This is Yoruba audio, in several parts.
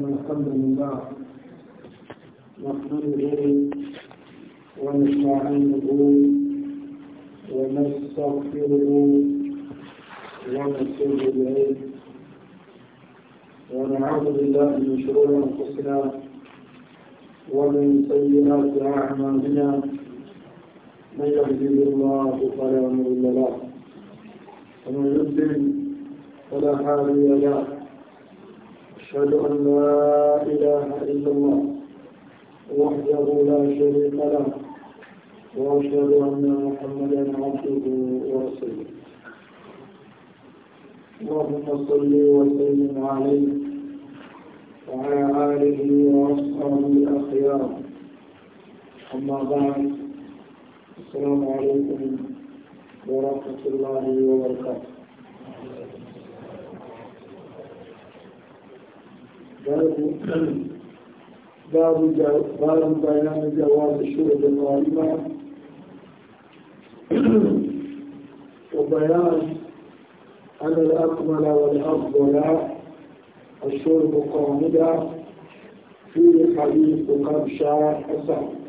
إن الحمد لله نحمده ونستعينه ونستغفره ونتوب إليه ونعوذ بالله من شرور أنفسنا ومن سيئات أعمالنا من يهده الله فلا مضل له ومن يضلل فلا هادي له أشهد أن لا إله إلا الله وحده لا شريك له وأشهد أن محمدا عبده ورسوله اللهم صل وسلم عليه وعلى آله وأصحابه الأخيار أما بعد السلام عليكم ورحمة الله وبركاته باب بيان جواز الشرب الغالبة وبيان أن الأكمل والأفضل الشرب قامدا في حديث قبشة حسن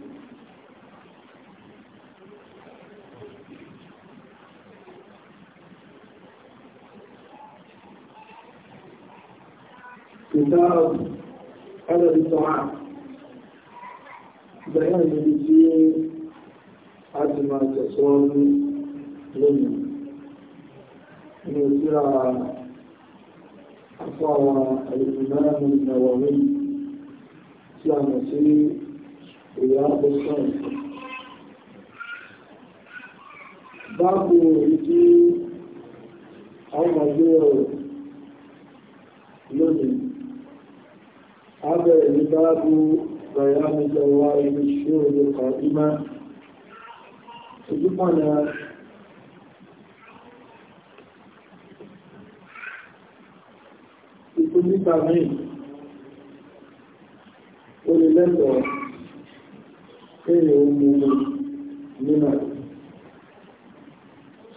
والإثارة على الطعام بيان الدين عدم تصور لنا نزرع أصاب الإمام النووي كان في رياض الصالح باب الدين أو مجور عبر باب بيان جوائب الشهود القائمة سبقنا ìkúndí tàbí olùlẹ́tọ̀ èrè omi nínà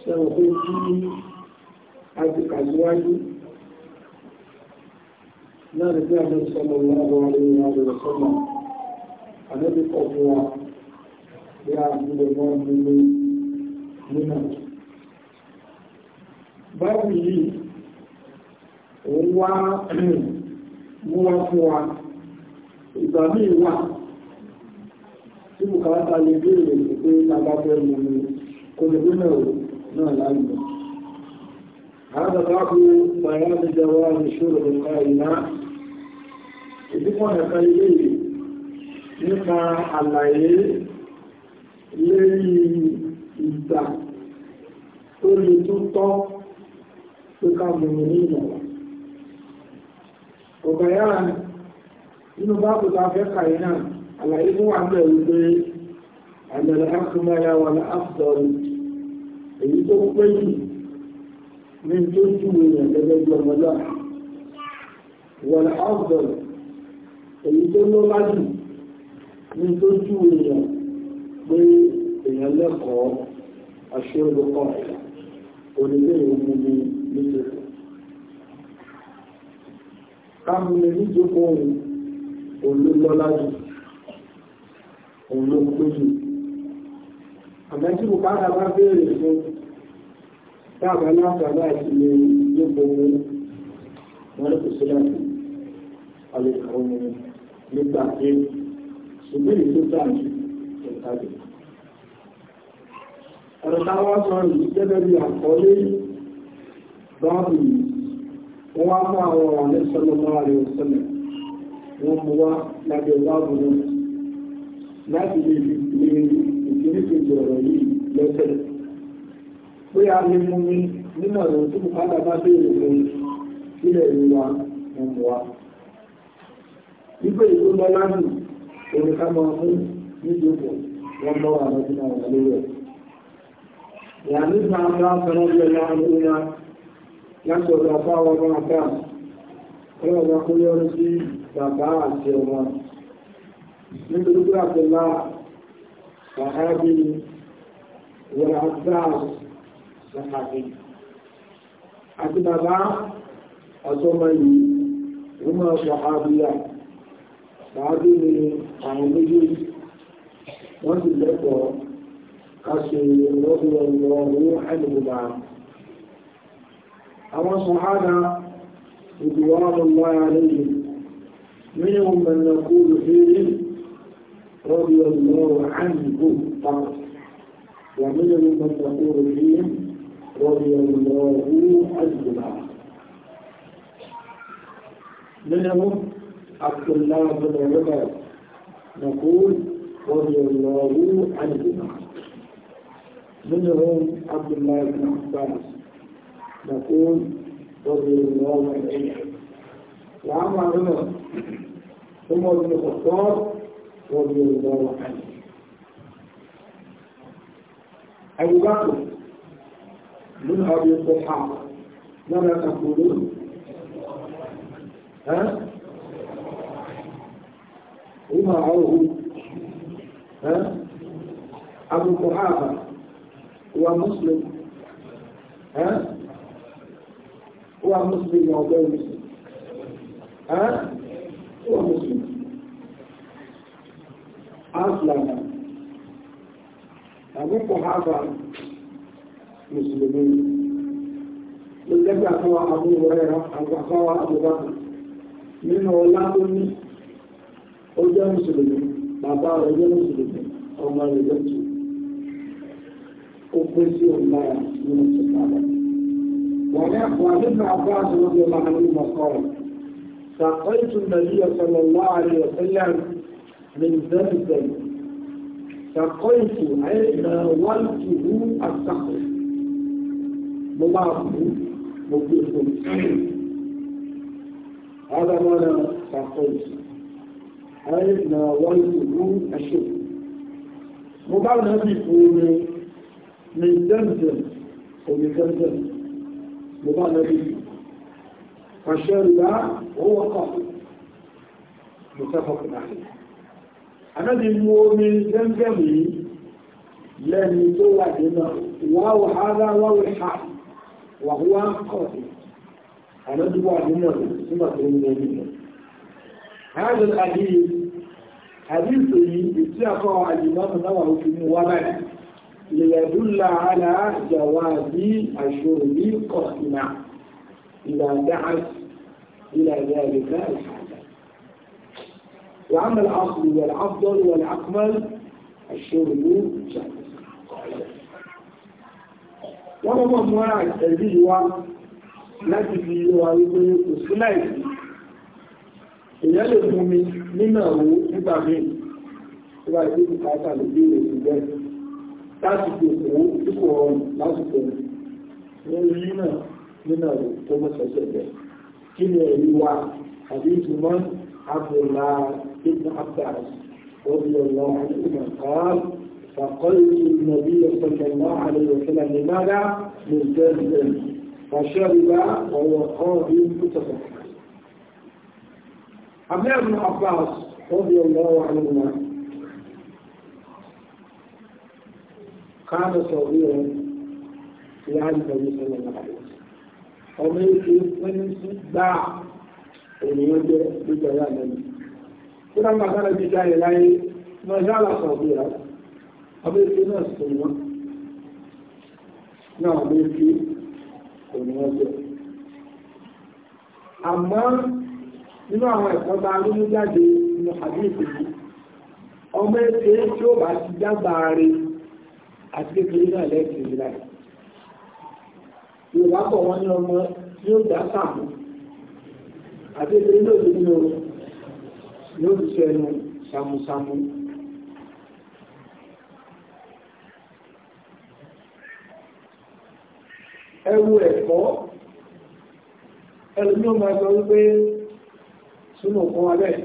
ṣẹ́wọ̀n tó kí a ti kàṣíwájú náà rí pé àjọ sọmọ ìwọ̀n àríwá àjọ sọmọ àdébí pọ̀ fún wa bí a gbúdọ̀ mọ́ nílé nínà báyìí yìí òun wá mú wá fún wa ìgbà míì wà tí bùkátà lè béèrè pé lábábẹ́ mú mi kò lè gbínà náà láàrín هذا بعض بيان جواز شرب القائمات ìdíkọ̀ ẹ̀ka ilé nípa àlàyé lérí ìgbà tó lè tó tọ́ tó ká gbogbo ní ìmọ̀wà. Ọ̀gá yára nínú bá kò tá fẹ́ kàyé náà, àlàyé fún àgbẹ̀ wípé pé jù ní tó jù èèyàn èyí tó ló bá jù ní tó jú èèyàn pé èèyàn lẹ́kọ̀ọ́ aṣọ́lùkọ́ onílé-ìwé mú ní nítorí káàmùlẹ̀ níjòkó ohun olólọ́lájú olóògbéjì àmẹ́sí bùkátà bá béèrè fún dáàbà látàbà ìsinmi nígbòmí wọ́n lè kò sílẹ̀ àlèkàwọ́ mẹ́rin nígbà pé ṣùgbọ́n èyí tó dájú ẹ̀tàjẹ̀. ọ̀rọ̀ sọ yìí gẹ́gẹ́ bí àkọlé báàbù wọ́n wá fún àwọn ọ̀rẹ́ sọ́nà máa rẹ̀ wọ́n mú wá lábẹ́ báàbù láti lè wípé ìlú lọ láàbù òun ká máa wọn lọ́wọ́ àwọn tí máa wà lórí ẹ̀. ìyàní ìgbà ńlá fẹ́ràn bí ọlá ọmọdé ya ọ̀dọ̀ ya wọn bá apá ọlọ́ọ̀bá kó yọrí sí bàbá àti ọmọ nítorí pé àtẹlá wàhábí àti bàbá yìí máa ṣáájú ni àwọn méjèèjì wọ́n sì lẹ́kọ̀ọ́ ká ṣe lọ́gbọ̀lọ́ owó ẹ̀lùmọ̀lá àwọn sọ̀hádà ìdùwọ́n lọ́wọ́ àlejò منهم من يقول فيه رضي الله عنه فقط ومنهم من يقول فيه رضي الله عنه منهم عبد الله بن عمر نقول رضي الله عنهما منهم عبد الله بن عباس نقول رضي الله عنهما وعن عمر عمر بن الخطاب رضي الله عنه أبو بكر من أبي الضحاك ماذا تقولون؟ ها؟ òun máa wọ́n òun Abu Quhafa wa Muslim wa Muslim wa ọgbẹ́ Muslim wa Muslim Aslama Abu Quhafa Muslimin ló lẹ́gbàá fún wa Abu Hurairah àgbàkọ́wà Abu Bakr nínú ọlá tó ní ó jẹ́ mùsùlùmí bàbá rẹ̀ jẹ́ mùsùlùmí ọmọ rẹ̀ jẹ́ tù ó pé sí òun lára nínú ìsìnkú وعن عباس رضي الله عنهما قال سقيت النبي صلى الله عليه وسلم من زمزم سقيت اي ناولته السقف مضاف أي ناولته الشرب مبعد هذه يقول من زمزم ومن زمزم مبعد هذه فشرب وهو قاصد متفق عليه àmẹ́bí mú omi gẹ́gẹ́m yìí lẹ́ni tó wà dínà wáwọ̀ ara wáwọ̀ ha wàhúwá kọ̀ọ̀dì àmẹ́bí wà dínà nígbà tó ń gbẹ̀mí lọ. هذا الحديث حديثه حديث يتلقى الإمام نوعه في موابات ليدل على جواز الشرب قائمة إذا دعت إلى ذلك وأما الأصل والأفضل والأكمل الشرب جائز. وما هو الذي هو نفسه ويقول السلايس èèyàn lè fún mi nínà owó nígbà míì tó bá ìdí bùkátà lè bí èrè sí bẹ́ẹ̀ lásìkò owó tí kò rọrùn lásìkò lórí nínà nínà owó tó mọ̀ sẹ́sẹ̀ bẹ́ẹ̀ kí ni èyí wa àbí ìtumọ̀ àbùlà ibn Abbas رضي الله عنهما قال فقلت النبي صلى الله عليه وسلم لماذا ملتزم فشرب وهو قاضي متصفح Abdullah ibn Abbas radiyallahu anhuma kana sawira ya Nabi sallallahu alaihi wasallam ọmọ èké wọ́n sí gbá ènìyàn jẹ́ lójú ọ̀yá lẹ́nu. Tí wọ́n bá sára jíjá rẹ̀ láyé, wọ́n yá lásán bí i rẹ̀. Ọmọ èké náà sì tó wọ́n. Náà ọmọ èké ènìyàn jẹ́ nínú àwọn ẹ̀kọ́ bá rúmú jáde inú àdínkù yìí ọmọ ẹgbẹ́ tí ó bá ti dágbà rẹ̀ àti kékeré náà lẹ́ẹ̀kì ìlà yorùbá pọ̀ wọ́n ní ọmọ tí ó dá sàmù àti kékeré náà ti nínú yóò ti sẹ́nu sàmùsàmù ẹwu ẹ̀kọ́ ẹlòmíràn máa sọ wípé súnmọ̀ fún wa bẹ́ẹ̀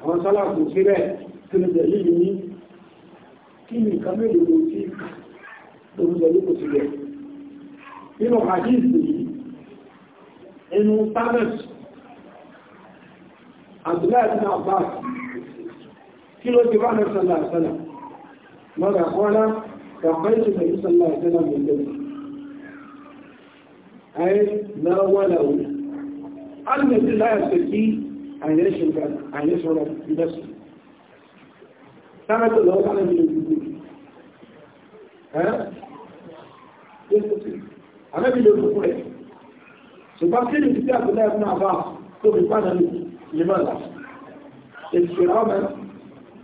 àwọn sálàkù sí bẹ́ẹ̀ tí yìí ní kí ni nǹkan mélòó ló ti lórúkọ lókò sí bẹ́ẹ̀ nínú àdíìsì yìí inú sábẹ̀t àdúláàtì náà bá kí ló ti bá ní sọ́lá sọ́lá mọ́gà kọ́lá kàfẹ́ ìṣẹ̀lẹ̀ ìṣẹ̀lẹ̀ أن يشرك أن يشرك بنفسه كما تقول هو أنا من الوجود ها؟ أنا من الوجود سبحان كل كتاب الله ابن عباس كتب فانا لماذا؟ احتراما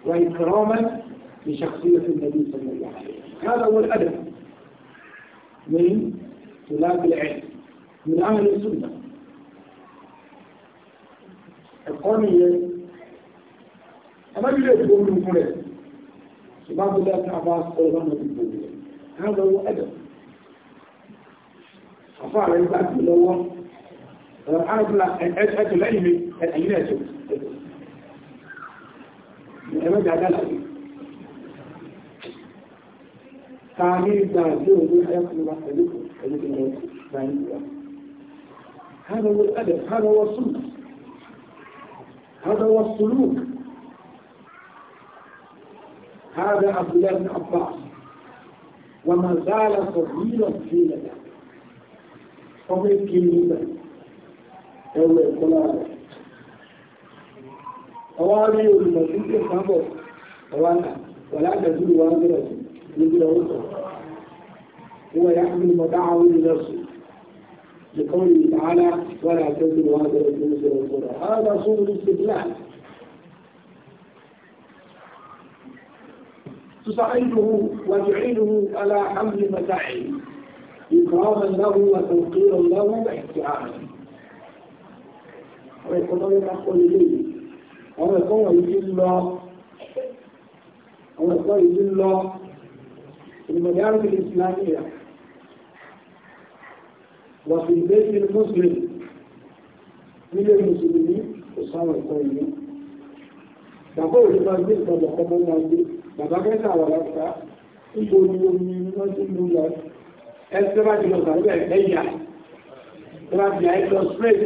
وإكراما لشخصية النبي صلى الله عليه وسلم هذا هو الأدب من طلاب العلم من أهل السنة ẹ̀kọ́ nìyẹn ẹmọ́bílẹ̀ ìbò ní ìfún rẹ̀ ṣùgbọ́n tó dá ká bá sọ lọ́nà ìbò rẹ̀ ká lọ́wọ́ ẹ̀dọ̀ àfọ́ ààrẹ ń gbàgbé lọ́wọ́ ẹ̀ẹ́dọ̀ lẹ́yìn mi ẹ̀yìn ẹ̀tọ́ ẹ̀mẹ́jà dálàbí ta ní ìgbà tí ó ní ẹ̀kùnrin wa pẹ̀lú ẹ̀lú ìgbà ìgbà هذا هو السلوك هذا عبد الله بن عباس وما زال طويلا في لدى فهو الكلمة أو الكلام أواني المسيح يفهمه أوانا ولا تزول وانزلة مثل أخرى هو يحمل متاعه لنفسه لقوله تعالى ولا تزول وانزلة مثل هذا سوء الاستدلال تساعده وتعينه على حمل متاعه إكراما له وتوقيرا له واحتراما ويقول لك أقول لي أنا قوي إلا أنا قوي إلا في المدارس الإسلامية وفي البيت المسلم من المسلمين sáwọn ẹ̀kọ́ ilé bàbá òní máa gbé nǹkan lọ́kọ́ mọ́ máa gbé bàbá mẹ́ta wà láta níbo ni omi wọ́n ti mú lọ ẹsẹ̀ bá ti lọ sàlẹ̀ ẹ̀yà tàbí àìsàn straight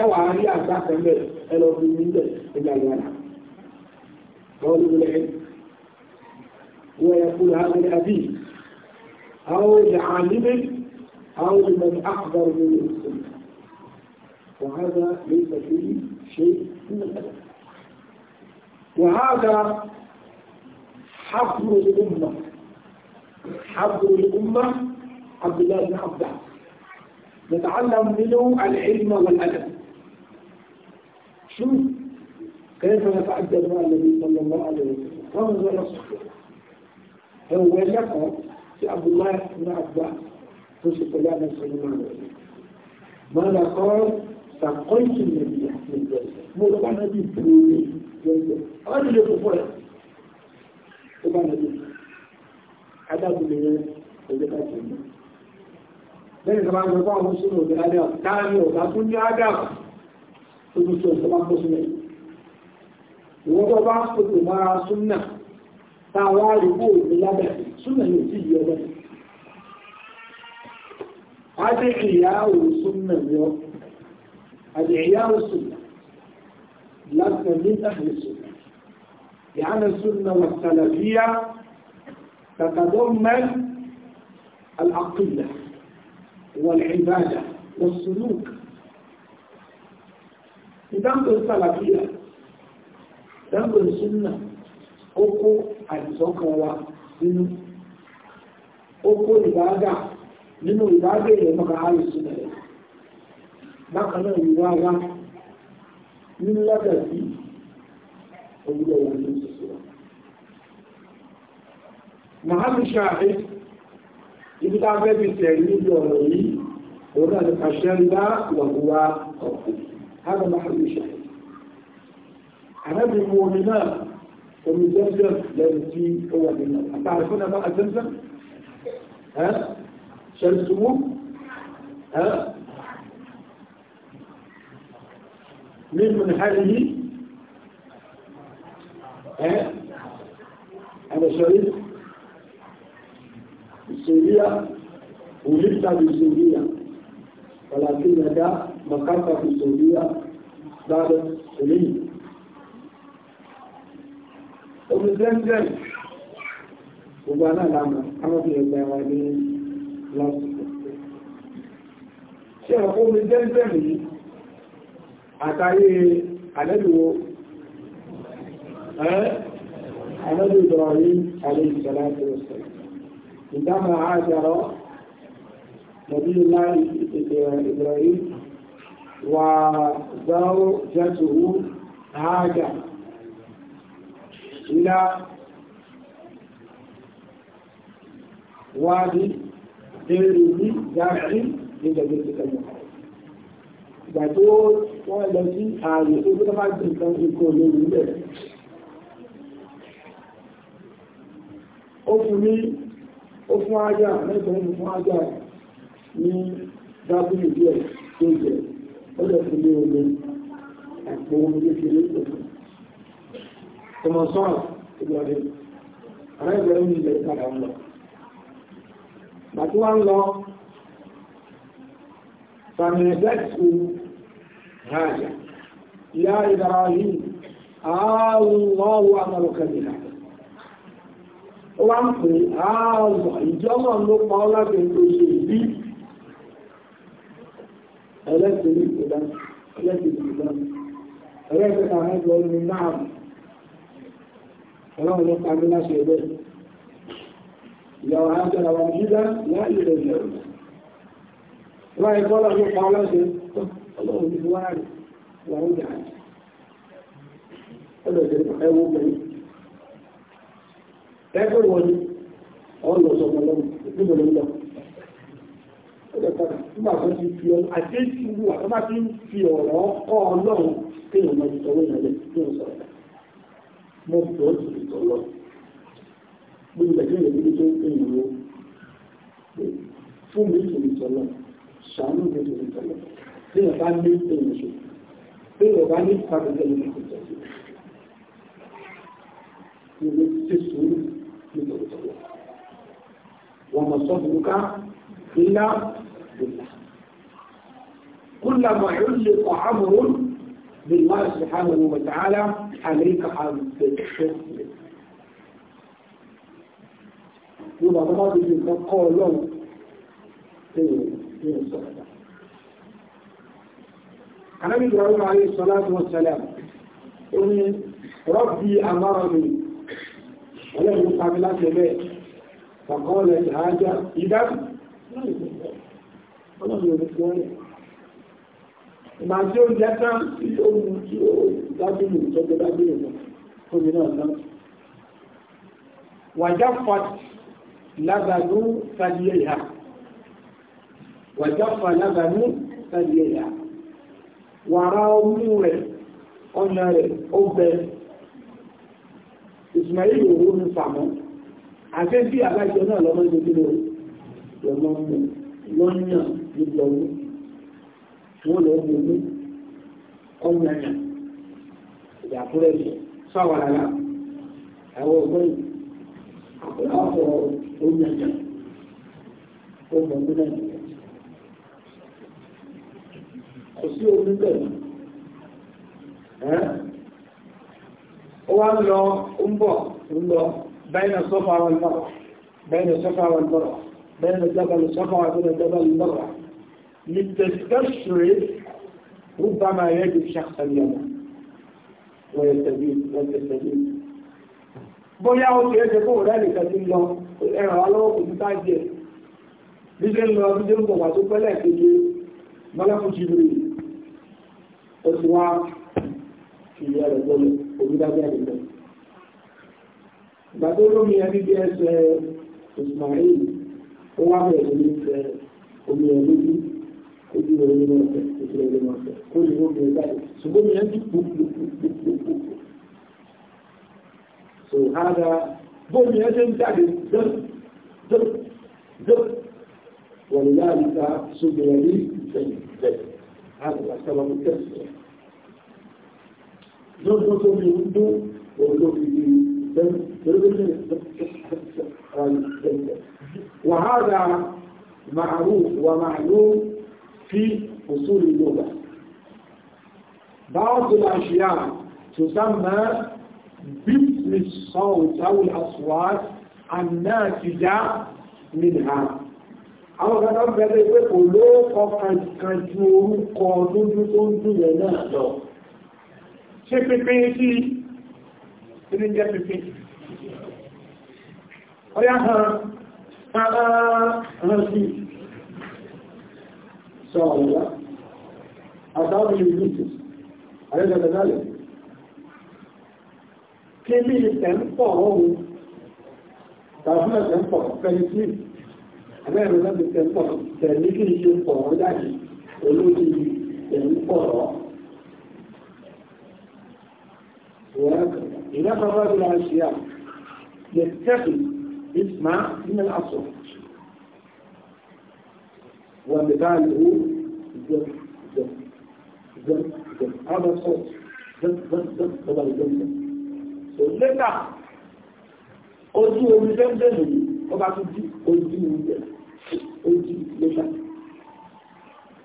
ẹwà rí àgbà pẹ̀lẹ̀ ẹlọ́bí nílẹ̀ ìgbàgbàrà lọ́wọ́ lórí wọ́n yẹ kúrò àwọn àbí àwọn ìyà àmì وهذا ليس فيه شيء من الأدب وهذا حفر الأمة حفر الأمة عبد الله بن عباس نتعلم منه العلم والأدب شوف كيف نتعدل مع النبي صلى الله عليه وسلم هذا نصح هو يقع في عبد الله بن عباس في كلام صلى الله عليه وسلم ماذا قال sàkóyìí lè di àtúntò mo lọ bá nàbí fún mi lọ́jọ́ àwọn ìlú kò fọ́ ẹ̀ ó bá nàbí adágún mi yẹn òjò ká jẹ mọ́ lẹ́yìn tó bá ń lọ bá àwọn sínú òjò lálẹ́ ọ̀ láàrin ọ̀gá tó ní ádám tó tún sọ ìjọba kó sílẹ̀ ìwọ́n tó bá ń pèsè mara súnà tá a wá rí kó òjò lábẹ́ súnà yóò sì yí ọlọ́run. Adé ìyá òun súnà ni ọ́. الإعياء والسنة لسنا من أهل السنة لأن يعني السنة والسلفية تتضمن العقيدة والعبادة والسلوك تنقل السلفية تنقل السنة أوكو الزكوة من أوكو إبادة من إبادة لمقاعد السنة bákan náà ìwà wa ní lọ́dọ̀ sí ojúlé wọn ní ṣoṣo wa. Mọ̀hámù ṣáàfé ibi tá a fẹ́ fi tẹ̀lé níbi ọ̀rọ̀ yìí òun náà ni àṣẹ ńlá wàhùwà ọ̀pọ̀ hàn mọ̀hámù ṣáàfé. Àrẹ́bìnrin omi náà omi jẹ́jẹ́ lẹ́nu tí ó wà nínú àtàrí fún ẹ̀fọ́ àjẹ́jẹ́ ṣẹ̀ṣùwò من منحله أنا شريف السورية ولدت بالسورية ولكنك مكرت في السورية بعد سنين ومن زمزم وأنا لما أنا في الزيوانين لا شيخ أقول من àtàrí àlẹ́lùwò ẹ́ àlẹ́lùwò rí àlẹ́lùsọ̀láàtì ọ̀sẹ̀ ìdámà àjọrọ̀ nàbí láì ìbìrẹ̀ wà záwó jẹ́tùwú àájà ilá wáàdí ìgbà tó wọ́n lọ sí ààrẹ tó tó bá gbé nǹkan ikọ̀ lórí rẹ̀ ó fún ní ó fún ájá mẹ́sàn ó fún ájá ní dábìlì díẹ̀ tó jẹ ó lọ sí ní omi àpò omi kékeré ọmọ sọ́ọ̀ ìgbàdé àrẹ́gbẹ̀rẹ́ ní ilẹ̀ ìpadà ń lọ bàtí wọ́n lọ sàmì ẹ̀dẹ́kù حاجة يا إبراهيم الله أمرك بها wọ́n pè ààrùn ìjọ́mọ̀ ló pa ọ́ láti ẹ̀kọ́ ṣe ìbí ẹlẹ́sìn ìgbòdá ẹlẹ́sìn ìgbòdá ẹlẹ́sìn àwọn ẹgbẹ́ orí náà ọlọ́run ló pa mí láṣẹ ẹgbẹ́ ìyàwó àjọra wọn jíjá ọlọ́run ní wá rẹ̀ wà ó dà ọlọ́run ní ẹwọ́ pẹ̀lú ẹgbẹ́ wọn ni ọ̀hún lọ sọ lọ́wọ́ níbo ló ń lọ nígbà tó ti fi ọmọ àti ìlú àtọ́bá ti ń fi ọ̀rọ̀ kọ́ ọlọ́run pé ọmọ ìtọ́wọ́ ìrìnlẹ̀ tí ó sọ̀rọ̀ mo bọ̀ ọ́ sí ìtọ́lọ́ gbogbo ẹ̀jẹ̀ ìrìn ní tó ń pè ní fún mi ìtòlítọ́lọ́ ṣàánú mi ìtòlítọ́lọ́ كلما علق امر بالله سبحانه وتعالى عليك ان تشكر يبقى ما بيجي تقول لهم ايه ايه الصحبه anábì ibrahim alayhi salatu wa salam ó ní rọ́bì amárọ̀lù ọlọ́run pàmí láti ẹgbẹ́ fàkọ́ọ̀lẹ̀ ìhájá ìdá ọlọ́run ò ní fi wọ́n ìgbà tí ó jẹ́ tán sí ohun tí ó dábìlì ìjọba dábìlì náà tóbi náà náà wàjáfàt lábàánú tàbí ẹ̀yà wàjáfà lábàánú tàbí ẹ̀yà wàrà ọmú rẹ̀ ọ̀nà rẹ̀ ó bẹ Ismail owó ní sàmọ́ àti bí náà lọ́mọ ìdókòwò lọ́mọ mú lọ́nyàn nígbọ̀wọ́ wọ́n lọ́ mú mú ọ̀nyànyà ìyàkúrẹ́ yìí sáwàrà ẹ̀wọ̀ ọgbọ́n àpòlọ́pọ̀ ọ̀nyànyà ó mọ̀ mú náà kò sí omi bẹ̀rẹ̀ ó wá ń lọ ń bọ̀ ń lọ bẹ́ẹ̀nà sọ́fà wọn bọ̀rọ̀ bẹ́ẹ̀nà sọ́fà wọn bọ̀rọ̀ bẹ́ẹ̀nà jábàlù sọ́fà wọn bẹ́ẹ̀nà jábàlù bọ̀rọ̀ للتستشعر ربما يجد شخصا يوما ويستجيب ويستجيب bóyá ó ti ẹ́jẹ́ fún ọ̀rẹ́ nìkan ti lọ ẹ̀rọ alọ́wọ́ ó ti wá ìyá rẹ̀ bọ́lẹ̀ onídájá ìlẹ̀. ìgbà tó lómi ẹni bí ẹsẹ̀ Ismail ó wá bẹ̀rẹ̀ ní ìfẹ́ omi ẹ̀ lójú ojú rẹ̀ nínú ọ̀fẹ́ ojú rẹ̀ nínú ọ̀fẹ́ ó lè lómi ẹ̀ jáde ṣùgbọ́n mi ẹ̀ ti kú so hada bómi ẹ̀ ṣe ń jáde dọ́dọ́dọ́ wọ̀lẹ̀ láàrín ká sóbìnrin ní ìfẹ́ ìfẹ́ hada sábà mú tẹ̀síwọ̀n وهذا معروف ومعلوم في أصول اللغة بعض الأشياء تسمى باسم الصوت أو الأصوات الناتجة منها أو غنم بدأت يقول لو فقط كنتم قادم تنتم لنا ṣe pépé sí ilé jẹ́ pépé ọya hàn sára hàn sí sọ ọ̀rọ̀ àtàwọn ìlú àrẹ́gbẹ̀gbẹ̀lẹ̀ kí ní ìtẹ̀ǹpọ̀ ohun tàbí ẹ̀tẹ̀ǹpọ̀ pẹ̀lú sí ẹ̀mẹ́rin pọ̀ ọ̀rọ̀ jáde olóòtú ẹ̀ǹpọ̀ إذا فرغ من الأشياء يتخذ اسمع من الأصوات ومثاله زب زب زب زب هذا صوت زب زب زب طبعا زب زب لẹ́tà ojú omi zẹ́mzẹ́m yìí ọba tó di ojú oúnjẹ ojú lẹ́tà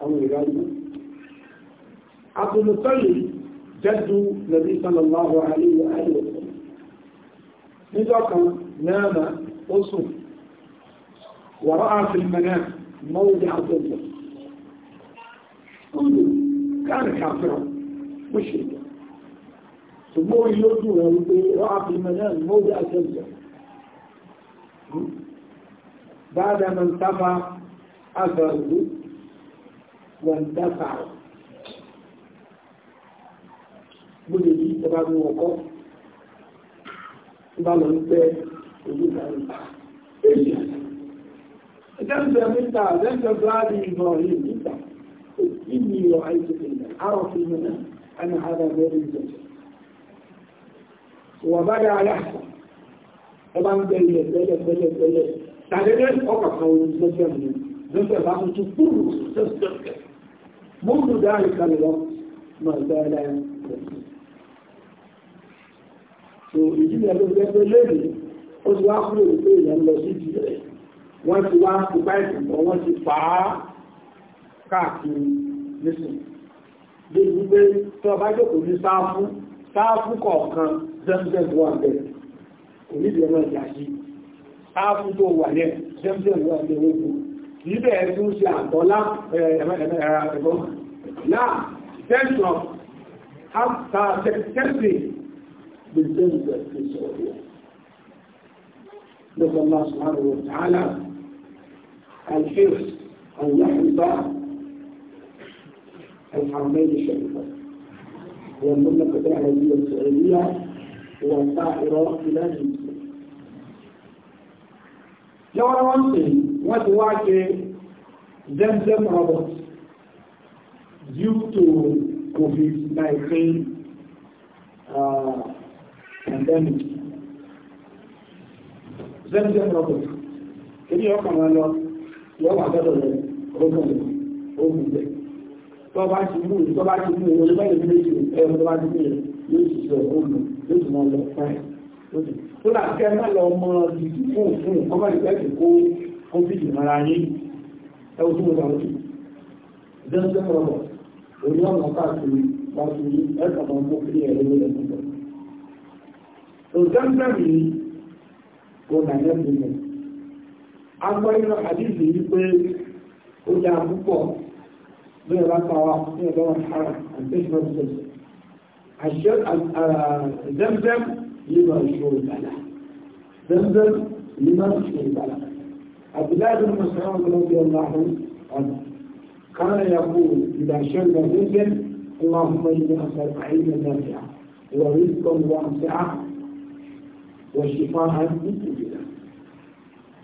àwọn ìrìnàjò àtúntò سدوا النبي صلى الله عليه وآله وسلم إذا كان نام أصف ورأى في المنام موضع ظلم كله كان كافرا مشركا ثم هو يردوها ورأى في المنام موضع ظلم بعد ما انتفى أثره وانتفعه bó lè yí ìjọba ní ọkọ́ bá lọ ń tẹ́ òjú kàrí èyí ẹjẹ́sẹ̀ mítà lẹ́sẹ̀ bláàdì ìbọn yìí mítà èyí ni ìrọ̀ àìsíkè àrọ̀ fi mẹ́nà ẹni àdá bẹ́ẹ̀ ní ìjọ wà bá dáa yá ẹ bá ń bẹ̀rẹ̀ bẹ̀rẹ̀ bẹ̀rẹ̀ bẹ̀rẹ̀ tàdédé ọkọ̀ kan òun lọ́sẹ̀ mi lọ́sẹ̀ bá tuntun kúrò lọ́sẹ̀ mọ́tò dáa ìkàlẹ̀ lọ mọ̀ ìgbà ẹ̀dá ẹ̀ tó ìdílé ló jẹ́ pé lónìí ó ti wá kúrò wípé èèyàn lọ sí ìdí rẹ̀ wọ́n ti wá kú báyìí mọ́ wọ́n ti fà á káàkiri nísìn bí i wípé tí ọba jókòó ní sáfú sáfú kọ̀ọ̀kan zemzem wà bẹ̀rẹ̀ kò ní ìdílé náà yàjí sáfú tó wà yẹn zemzem wà bẹ̀rẹ̀ ogun níbẹ̀ tún ṣe àtọ́lá ẹ̀rọ ẹ̀gbọ́n náà tẹ́sán بالجنة في السعودية نسأل الله سبحانه وتعالى الحرص أن يحرص الحرمين الشريفين والمملكة العربية السعودية والطائرة إلى المسلم لو أنا وانتي وانت واجه زمزم روبوت due to COVID-19 uh, and damage zemzem rocket kìí ọkàn wọn lọ yọwọ àgbẹ̀dọ̀ rẹ̀ rocket ogun bẹ̀ tó bá ti mú tó bá ti mú olùgbà ìlú méjì ẹ̀rọ tó bá ti mú yẹn yóò sì sọ olù yóò sì mọ lọ fáì tó là kẹ́ má lọ mọ ìdí fún fún ọmọ ìgbà ìgbà kó kó fìdí mara yín ẹwọ tó mọ sàwọn jù zemzem rocket òní ọmọ káàkiri wá sí ẹ̀ka mọ́ kó kiri ẹ̀rọ lọ́dọ̀ òjáńtà ní kò nàìjẹ́ sílẹ̀ agbọ́ inú àdíjì yìí pé ó dá púpọ̀ bí ẹ̀rọ pàwà ní ẹ̀rọ ara àtẹ́sọ̀ sọ̀rọ̀ àṣẹ zamzam yìí máa ṣòro ìgbàlá zamzam yìí máa ṣòro ìgbàlá abdullahi bin masaran bin obi allahu ọdún كان يقول إذا شرب زمزم اللهم إني أسأل عينا نافعا ورزقا واسعا والشفاء هذه مثل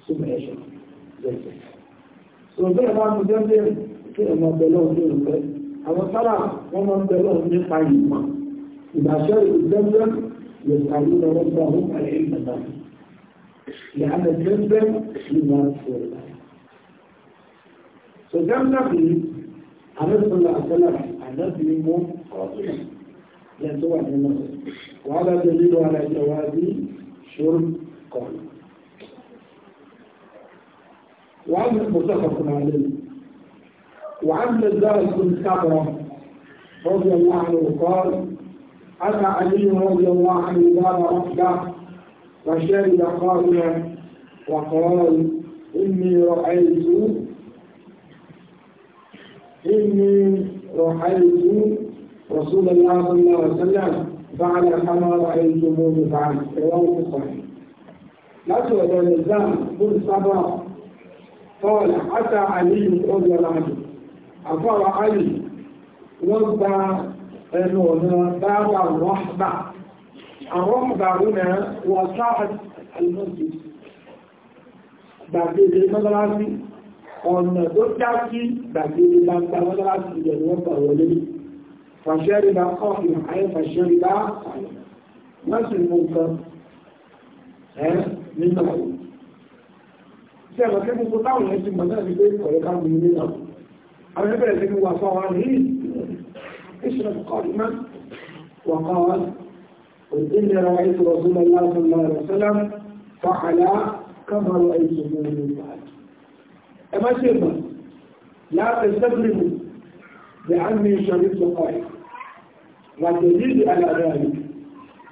ثم ايش؟ سو زي ما مجرد كي ما بلوه في البيت أما ترى وما بلوه من قائمة إذا شرب الزمزم يسألون ربهم العلم الباقي لأن الزمزم لما تصير الآية سو زي ما نقول أنا صلى الله عليه وسلم أنا في المهم قاطعا لأن توحد النصر وعلى دليل وعلى جوازي شرب قال وعن متفق عليه وعند الزاهد بن سبرة رضي الله عنه قال أتى علي رضي الله عنه باب رحبة وشرب قائلا وقال إني رأيت إني رأيت رسول الله صلى الله عليه وسلم فعل كما رأيتموه فعل رواه الصحيح نسأل النظام بن صبر قال أتى علي رضي الله عنه أفر علي وضع أنه باب الرحبة الرحبة هنا هو صاحب المسجد gbàgede mọ́sálásí ọ̀nà tó dá sí gbàgede bá ń ta فشرب قاضي حي فشرب ما في المنكر ها من تقول كيف كيف تقول انت ما ذا في بيت ولا من هنا انا بقى زي ما صار لي اشرب قائما وقال قلت اني رايت رسول الله صلى الله عليه وسلم فعل كما رايت من بعد اما شيخ لا تستغربوا لاني شربت قائما والدليل على ذلك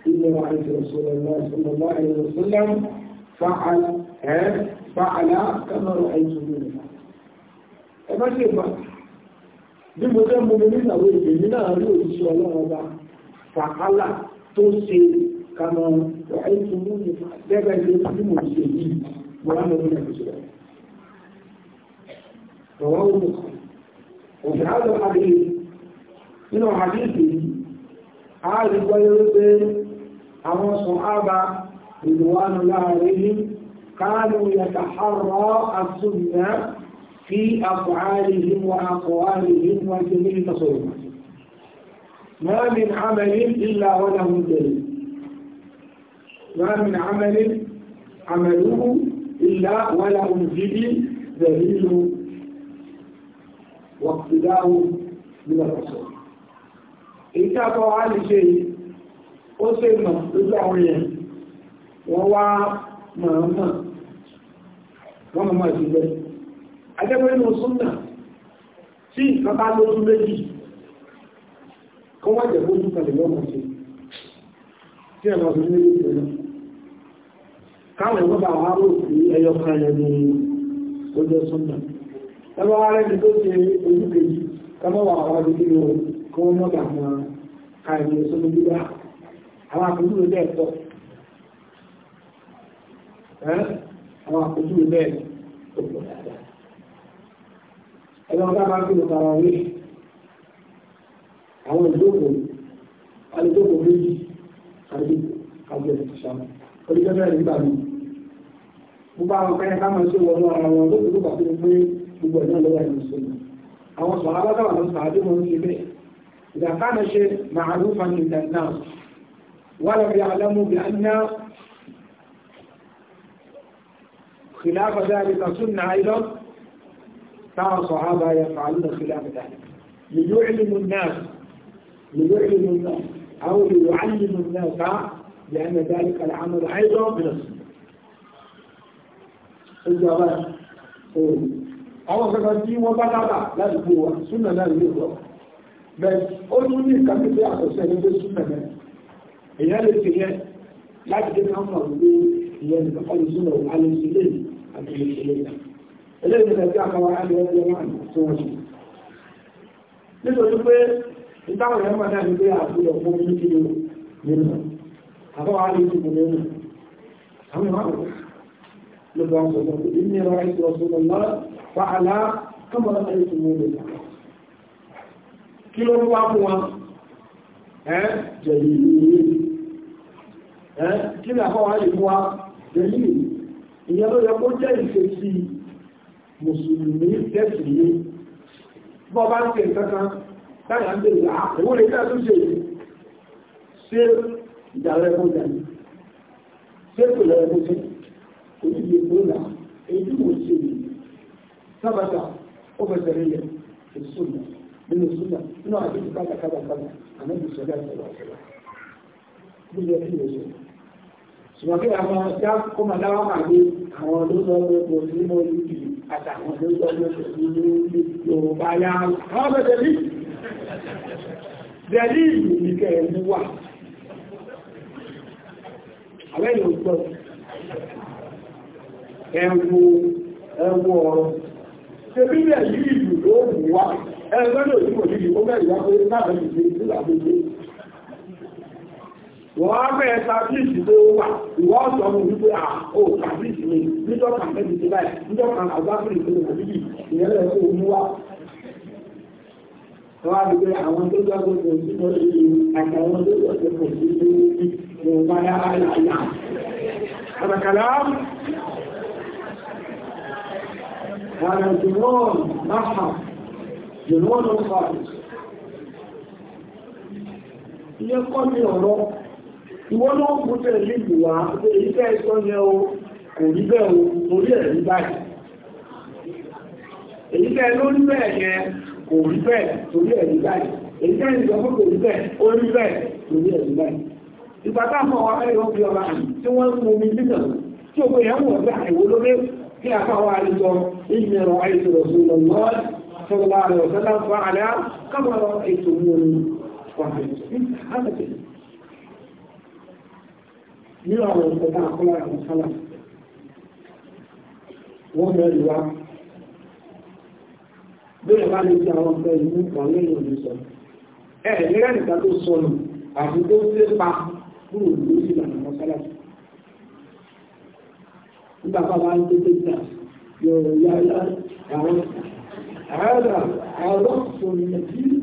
إن رأيت رسول الله صلى الله عليه وسلم فعل فعل كما رأيته منه ẹgbẹ́ ṣe bá bí mo jẹ́ mo ní àwọn èdè ní náà rí òṣìṣẹ́ ọlọ́run bá fàhálà tó ṣe kàmọ́ ẹ̀ẹ́tù mú ní gẹ́gẹ́ ilé tí mo ṣe yìí mo rán lórí nàìjíríà rọ̀wọ́ òun òṣìṣẹ́ àárígbọ́ wípé àwọn sùn ába ìlúwánu láàrin ní káàlù yàtà àrọ̀ àtúnyà fi àfọ̀hárihim wa àfọ̀hárihim wa jẹ́lé ìtàsọ̀rọ̀ ما من عمل إلا وله دليل ما من عمل عمله إلا وله دليل دليل واقتداء من الرسول èyí tí àkọ́ wá lè ṣe yìí ó ṣe mọ̀ lójú àwọn èèyàn wọ́n wá mọ̀ọ́mọ̀ wọ́n mọ̀mọ̀ ìṣẹ́gbẹ́ ajẹ́gbẹ́ inú súnnà tí nǹkan bá lójú méjì kọ́ wá jẹ́ bójú kalẹ̀ lọ́mọ̀ sí tí ẹ̀rọ sí méjì pẹ̀lú káwọn ẹ̀wọ́n bá wá rò sí ẹyọ kan yẹn ní ojú súnnà ẹgbẹ́ wá rẹ́ni tó ṣe ojú kejì kọ́mọ́ wà wá kó wọ́n mọ́ káàrí ẹ̀sọ́ lórí àwọn àpòjúwe bẹ́ẹ̀ pọ̀ àwọn àpòjúwe bẹ́ẹ̀ pọ̀ dáadáa ẹgbẹ́ ọgá máa ń fi lọ́ta wa wí àwọn ìjókòó alùjókòó méjì àti àjọ ìṣàmù oríṣẹ́ bẹ́ẹ̀ nígbà mi gbogbo àwọn kẹyẹ إذا كان شيء معروفا عند الناس ولم يعلموا بأن خلاف ذلك سنة أيضا كان الصحابة يفعلون خلاف ذلك ليعلموا الناس ليعلموا الناس أو ليعلموا الناس لأن ذلك العمل أيضا من السنة الجواب أو فقط وبلغ لا تقوى سنة لا تقوى bẹ́ẹ̀ ó tún ní nǹkan tó àtọ̀sẹ̀ ní tó súnmọ̀ rẹ̀ èèyàn lè fi yẹn láti dé káwọn mọ̀ wípé ìyẹn nìkan kọ́ ló súnmọ̀ wò alẹ́ sí lè àti lè fi lè yà eléyìí nìkan tí àkọwà á lè ẹgbẹ́ máa nà tó wọ́n ṣe nítorí pé ìtàwọn èèyàn máa dáni pé àbúrò fún mi kí ló nínú àbọ̀wá lè fi kù nínú àwọn ìmọ̀ àwọn ló bá ń sọ̀rọ̀ ìdí ní ẹ̀rọ ìṣòro sọ̀rọ̀ lọ́wọ́ fa'ala kọ́mọ̀ lọ́wọ́ kí ló wá fún wọn jẹ̀lì kí ni àkọ́wà yìí fún wa jẹ̀lì ìyẹn ló yẹ kó jẹ́ ìfẹ́ sí mùsùlùmí tẹ́sì ní bọ́ bá ń tẹ̀ kankan táyà ń tẹ́ ah, tó ṣe ó fẹsẹ̀ rẹ̀ yẹ ìṣúná nínú súnà nínú àdéhùn kájà kájà kájà ànábì ìṣẹ̀lẹ̀ ọsẹlẹ bí ilé ẹbí lóṣù ṣùgbọ́n kí àwọn já kó máa dáwọ́ máa gbé àwọn olóṣọ ọgbẹ́pọ̀ nínú olùdí àtàwọn olóṣọ ọgbẹ́pọ̀ nínú Yorùbá yá àwọn ọmọ tẹ̀lé tẹ̀lé ìlú ní kẹrin wà àwọn èèyàn gbọ́ ẹ̀wù ẹ̀wù ọ̀rọ̀ tẹ̀lé ìlú ló wù wá ẹgbẹ́lẹ̀ òyìnbó yìí ó mẹ́rin wá pé láàrín ìgbé nílà gbogbo wọ́n á bẹ̀rẹ̀ sáfíìsì tó wà ìwọ́ ọ̀sọ̀ ọmọ wípé à ó sáfíìsì ni níjọ́ kan mẹ́rin ti báyìí níjọ́ kan àgbáfíì tó wà níbi ìyẹn lẹ̀ kó mú wá wọ́n á gbé àwọn tó jẹ́ gbogbo ìṣúná ìlú àtàwọn tó jẹ́ gbogbo ìṣúná ìlú ìwọ̀n máa yára yára. Àbàkàlá wà lọ́jọ́ náà máa You know those habits. Iye kọ́ ní ọ̀rọ̀. Ìwọ náà kú o, kò rí bẹ́ẹ̀ o, torí ẹ̀ rí báyìí. Èyí tẹ́ bẹ́ẹ̀ yẹn, kò rí bẹ́ẹ̀, torí ẹ̀ rí báyìí. Èyí tẹ́ kò rí bẹ́ẹ̀, ó rí bẹ́ẹ̀, ẹ̀ rí báyìí. Ìgbà táwọn fi ọba tí wọ́n mú mi tí صلى الله عليه وسلم فعل كما رأيتموني وعلمتم هذا يرى ويستطيع خلق الخلق وما يرى bẹ́ẹ̀ bá lè fi àwọn ọ̀fẹ́ ìlú kan lẹ́yìn òní sọ ẹ̀ lẹ́rẹ́ nìkan tó sọnù àti tó ń lépa fún òní sí ìlànà mọ́sálásí nígbà bá jà yọ̀rọ̀ yáyá àwọn هذا رقص المزيد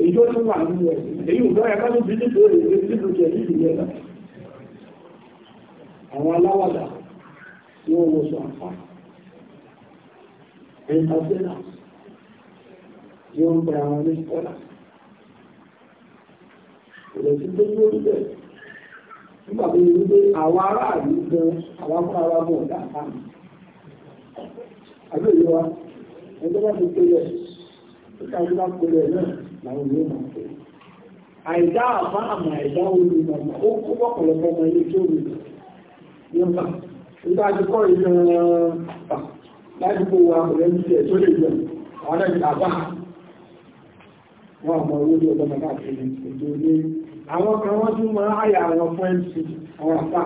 èyí tó wà ní ẹ̀ èyí ndị dáyà ká ló bí nípò èrè nípò jẹ̀lú ìlú ẹ̀dá àwọn aláwàdà tí wọ́n lọ sọ àpá ẹ̀ntàfẹ́lá tí wọ́n ẹgbẹ́ bá ti pélé ìka ìlú bá pélé náà làwọn yóò máa pè. àìdá àbá àmà àìdá omi màmá ó kó bọ́pọ̀lọpọ̀ ọmọ ilé tó rí nípa nígbà tí kọ́ ìlú pa láti kó wa ọ̀rẹ́ ní tiẹ̀ tó lè jẹ àwọn ẹ̀mí àbá wọn àmọ́ owó ní ọjọ́ màmá àti ìjọ ní àwọn kan wọ́n tún máa àyà àwọn fẹ́ǹsì àwọn àpá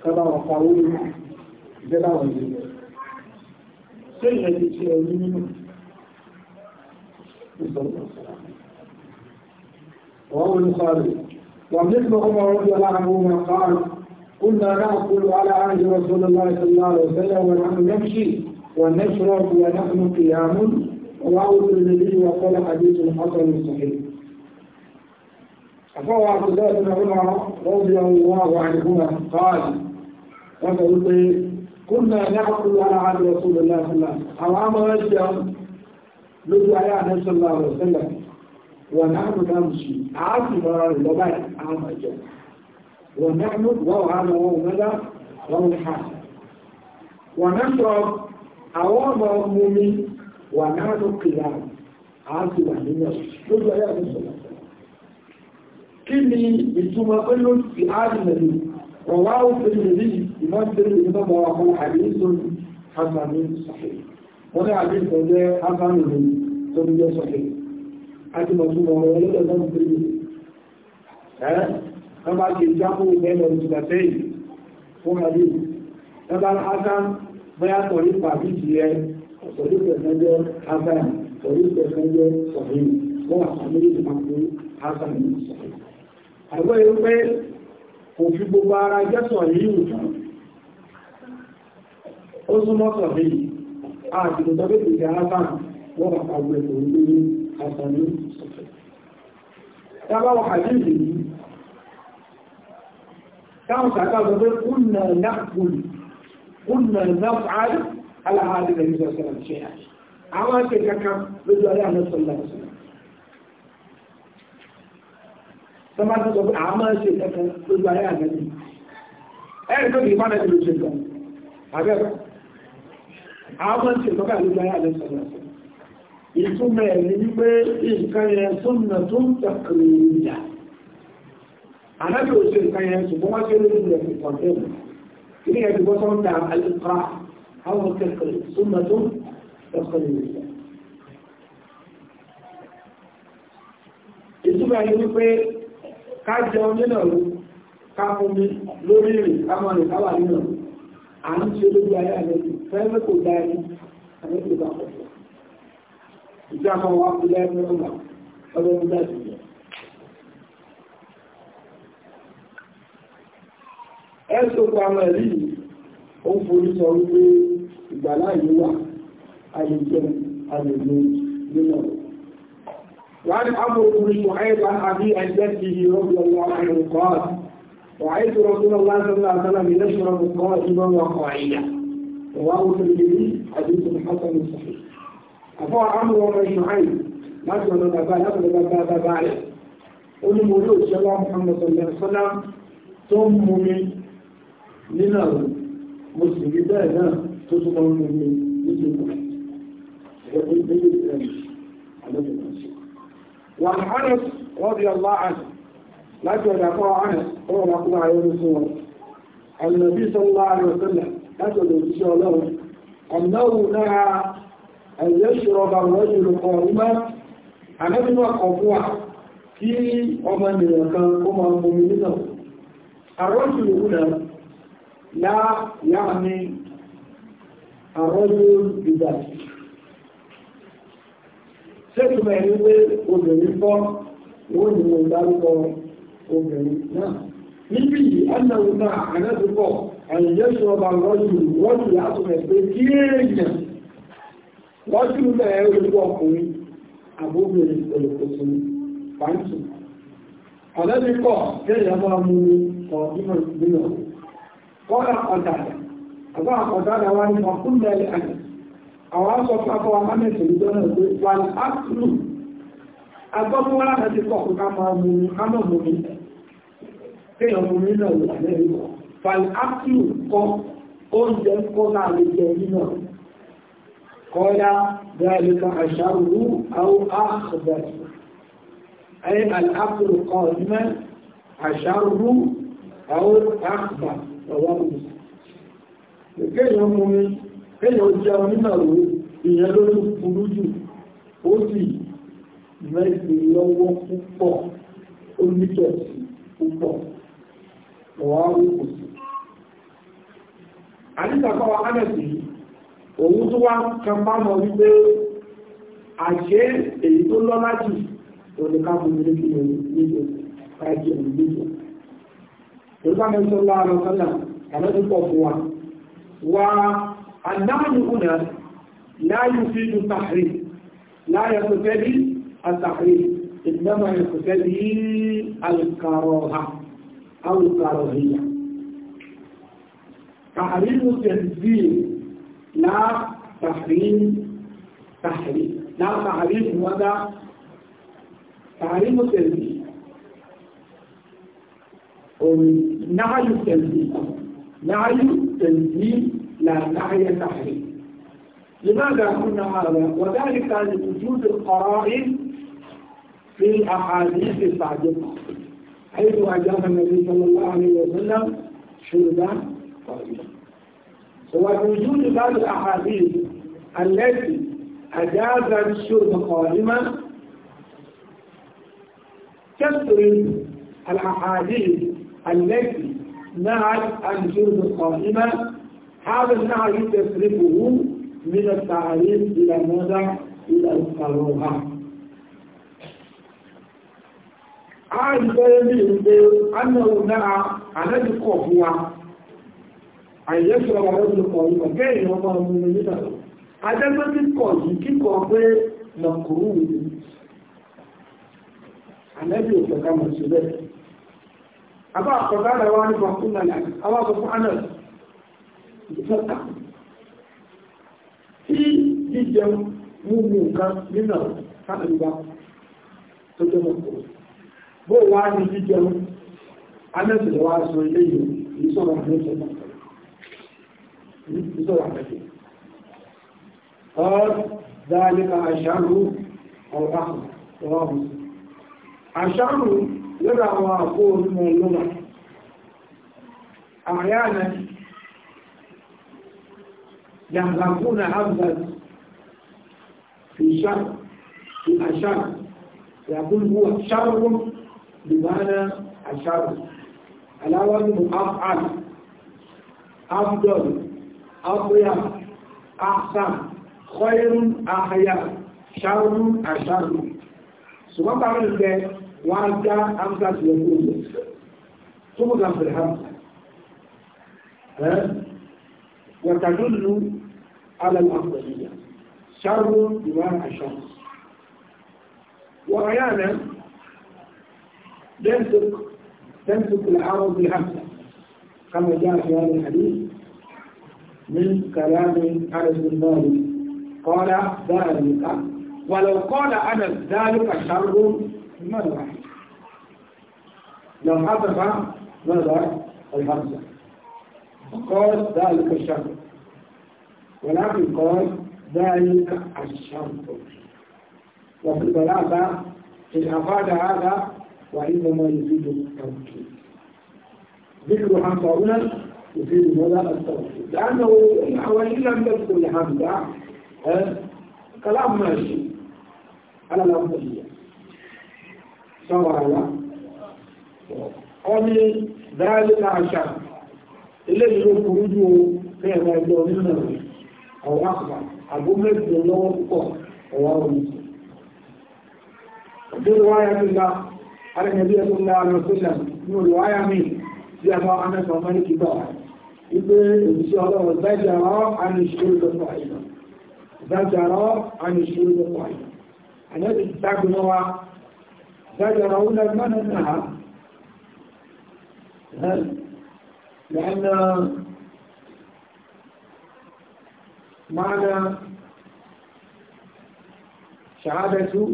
kan bá wọn pa owó ìjẹ́ báwọn ìjẹ́ tẹ́lẹ̀ lè وهو الخالق ومثل عمر رضي الله عنهما قال كنا نأكل على عهد رسول الله صلى الله عليه وسلم ونحن نمشي ونشرب ونحن قيام رواه الترمذي وقال حديث حسن صحيح فهو عبد الله بن عمر رضي الله عنهما قال وقال كنا نعقل على عهد رسول الله صلى الله عليه وسلم أو عام رجل لدو على النبي صلى الله عليه وسلم ونحن نمشي عاصم لبعض عام رجل ونحن وهو عام وهو مدى وهو حاسم ونشرب أوام أمومي ونحن قيام عاصم لبعض لدو على النبي صلى الله عليه وسلم كلي بسم قلت في عهد النبي رواه الترمذي إمام الترمذي رواه حديث حسن صحيح ولا حديث هذا حسن صحيح صحيح حتى مظلوم ولا لا الترمذي ها كما تجاهوا بين الرسولتين fún ẹbí ẹbá ásán bóyá sọ̀rí pàbí ti ẹ sọ̀rí pẹ̀sẹ̀ jẹ́ ásán sọ̀rí pẹ̀sẹ̀ jẹ́ sọ̀rí wọ́n àtàmì ìdìbò ásán ní sọ̀rí àgbẹ̀ yìí pé kò fi gbogbo ara jẹ́sọ̀ yìí ó súnmọ́sọ̀ bí i àti tó tọ́bí ìdí alábàn wọ́n bá pàgbé ìtòrí pé ní àtàní tábáwọ̀ àdíjì yìí táwọn sàkàtọ̀ pé kúnnà náàkùnrin kúnnà náàkùnrin aláhàdìrẹ̀ ìjọsẹ̀ àti ṣe àwọn akẹ́kẹ́kẹ́ sọ́mọ́ tó sọ pé àwọn máa ń ṣe ìtẹ́kùn lójú ayé àgbẹ̀bí ẹ̀rì tó kì í fánà ìlú ṣe kan àbẹ́bẹ̀ àwọn máa ń ṣe ìtọ́kà lójú ayé àgbẹ̀bí sọ̀rọ̀ ìtumọ̀ ẹ̀ ní wípé nǹkan yẹn súnmọ̀ tó ń tẹ̀kùrù ìjà ànábì ò ṣe nǹkan yẹn ṣùgbọ́n wọ́n wípé ká jẹun nínà ru ká fomi lórí rìn ká káwà nínà ru à ń ṣe lójú ayé àlejò fẹ́ẹ́ kò dá ẹni àlejò bá pọ̀ ìjà máa wá fi lẹ́nu ọ̀nà ọdún ọdún jáde ẹ̀rí ó وعن عمرو بن شعيب عن ابي عن جده رضي الله عنه قال رايت رسول الله صلى الله عليه وسلم يشرب قائما وقاعدا رواه الترمذي حديث حسن صحيح أفا عمرو بن شعيب ما كان بابا نقل بابا بابا عليه قل مولود صلى الله محمد صلى الله عليه وسلم ثم من لنا مسلم بابا تصدر من مسلم يقول بيت الامر على المسلم wà ní Anas rọ́bì ọlá àti láti ọ̀dà fọ́ Anas ọwọ́ ma kúrò ayé ní fún wọn alìnàbí sọ́lá àrẹ̀sẹ́lẹ̀ láti ọ̀dà òṣìṣẹ́ ọlọ́run ọ̀nàwó náà ẹ̀yẹ́ ṣọ́rọ̀bà rọ́jù lùkọ̀ ọmọ anábìnú àkọ́kọ́ kí ọmọ ènìyàn kan ṣètùmọ̀ ẹni pé obìnrin kọ́ wọ́n ní mo dárúkọ obìnrin náà níbi yìí ẹnàwó náà ànẹ́dúkọ̀ àyẹ̀yẹ́ ṣọba rọ́jù rọ́jù látùmẹ̀ pé kí èèyàn rọ́jù náà ẹrù ọkùnrin àbóbìnrin olùkóso pàǹtì ànẹ́dúkọ̀ kéèyàn máa mú ọ̀dúnmọ̀ ìgbìyànjú kọ́ra ọ̀dàdà àbá ọ̀dàdà wá ní ọkùnrin àwọn aṣọ pápọ̀ amánẹ̀tì ìjọ náà pé wà ní áàtùlù agbọ́gbọ́n wọn láti ti kọ̀kọ́ ká máa mú mi ká mọ̀ mú mi kéèyàn mú mi náà wà lẹ́yìn wà ní áàtùlù kọ oúnjẹ kọ́ náà lè jẹ nínà kọ́lá dáadéka àṣàrù àwọn àṣàbẹ̀ ayé àlàáfíà kọ́ ọ̀dúnmẹ́ àṣàrù àwọn àṣàbẹ̀ ọ̀wọ́ mi kéèyàn mú mi kéyàn ó jẹun nínàró ìyẹn ló tún burú jù ó sì mẹ́sì lọ́wọ́ púpọ̀ ó nítẹ̀sí púpọ̀ ọ̀wá ó kò sí àdìsàkọ́ anẹ́sì òun tó wá kàmpánà wípé àṣẹ èyí tó lọ́lá jù olùkábùn ní kí o nílò ẹjẹ ìlúgbò. Ìgbà mẹ́sọ́ láàrín sọ́lá, àmẹ́sùpọ̀ النعم هنا لا يفيد التحريم لا يقتدي التحريم إنما يقتدي الكراهة أو الكراهية تحريم التنزيل لا تحريم تحريم لا تحريم ولا تحريم التنزيل نعي التنزيل نعي التنزيل لا نعي التحريم لماذا قلنا هذا وذلك لوجود القرائن في الاحاديث السابقه حيث اجاب النبي صلى الله عليه وسلم شربا طريقا ووجود بعض الاحاديث التي اجاز الشرب قائما تسرد الاحاديث التي نهت عن شرب قائما هذا النهر تصرفه من التعريف إلى ماذا؟ إلى الفروعة àìsọ ẹbí ìgbé anáwò náà àlẹ́dìkọ̀ fún wa àìyẹ́sọ̀ àlẹ́dìkọ̀ yìí ọ̀gẹ́ ìwọ̀n máa mú mi nígbà lọ adẹ́gbẹ́dìkọ̀ yìí kíkọ̀ pé lọ́kùrú mi àlẹ́dì òfẹ́ká mọ̀ sílẹ̀ abá àkọ́dá rẹ̀ wá nípa fún nàlẹ́ àwọn àkọ́kọ́ anáà ìfẹ́ta tí jíjẹun múmú nǹkan nínà sáàlùwà tó tó pọ̀ bó wá ní jíjẹun amẹ́sìlẹ̀ wá sọ ilé yìí ìsọ̀rọ̀ àmẹ́sìlẹ̀ قال ذلك أشعر أو أحمد رواه أشعر يهربون عبدا في شر في أشر يقول هو شر بمعنى أشر على وزن أفعل أفضل أطيب أحسن خير أحيا شر أشر سبحان الله وأنت أمسك يقول ثم في الحمد وتدل على الأفضلية شر دماء الشمس وأحيانا تمسك تمسك العرب بهمسة كما جاء في هذا الحديث من كلام أنس بن مالك قال ذلك ولو قال أنس ذلك شر من واحد لو حذف ماذا الهمزة قال ذلك الشرط ولكن قال ذلك الشرط وفي البلاغة إن أفاد هذا وإنما يفيد التوكيد ذكر حمزة هنا يفيد مدى التوكيد لأنه وإن لم تذكر حمزة كلام ماشي على الأفضلية سواء على قال ذلك الشرط ilé ìlú burú ju bẹ́ẹ̀ máa lọ nínú rẹ̀ ọ̀wá àgbà àgbo mẹ́jọ lọ́wọ́ púpọ̀ ọ̀wá omi. Òbílù wáyà ti la alẹ́nàbí ẹ̀kọ́ ńlá alẹ́sílẹ̀ ní olùwáyà mi bí a bá amẹ́fà mẹ́lìkì bá wípé òṣìṣẹ́ ọlọ́run dájàrọ́ àníṣúrú lọ́pọ̀ àyà dájàrọ́ àníṣúrú لأن معنى شهادة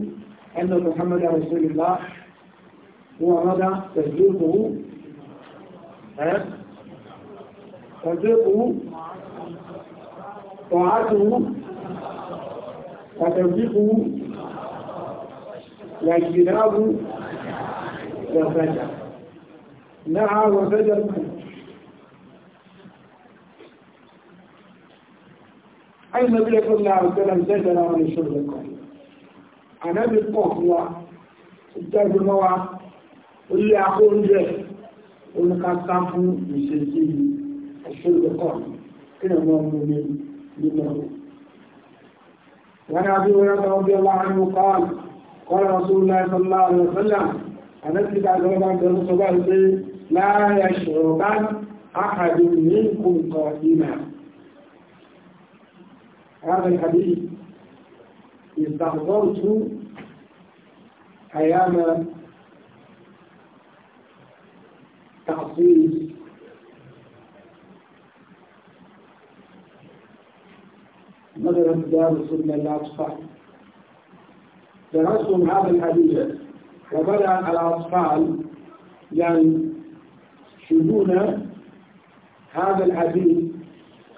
أن محمد رسول الله هو مدى تصديقه تصديقه طاعته وتصديقه واجتناب وفجر نعى وفجر منه النبي صلى الله عليه وسلم زجر من شر القلب أنا بالقهوة الدرب موا اللي أقول له ونقصف بسلسله الشر القلب كنا مؤمنين بمرض وعن أبي هريرة رضي الله عنه قال قال رسول الله صلى الله عليه وسلم أنزل بعد رمضان بالرسول الله لا يشعر أحد منكم قائما هذا الحديث استحضرت أيام تعصيب مدرسة دار السنة الأطفال درسهم هذا الحديث وبدأ الأطفال ينشدون يعني هذا الحديث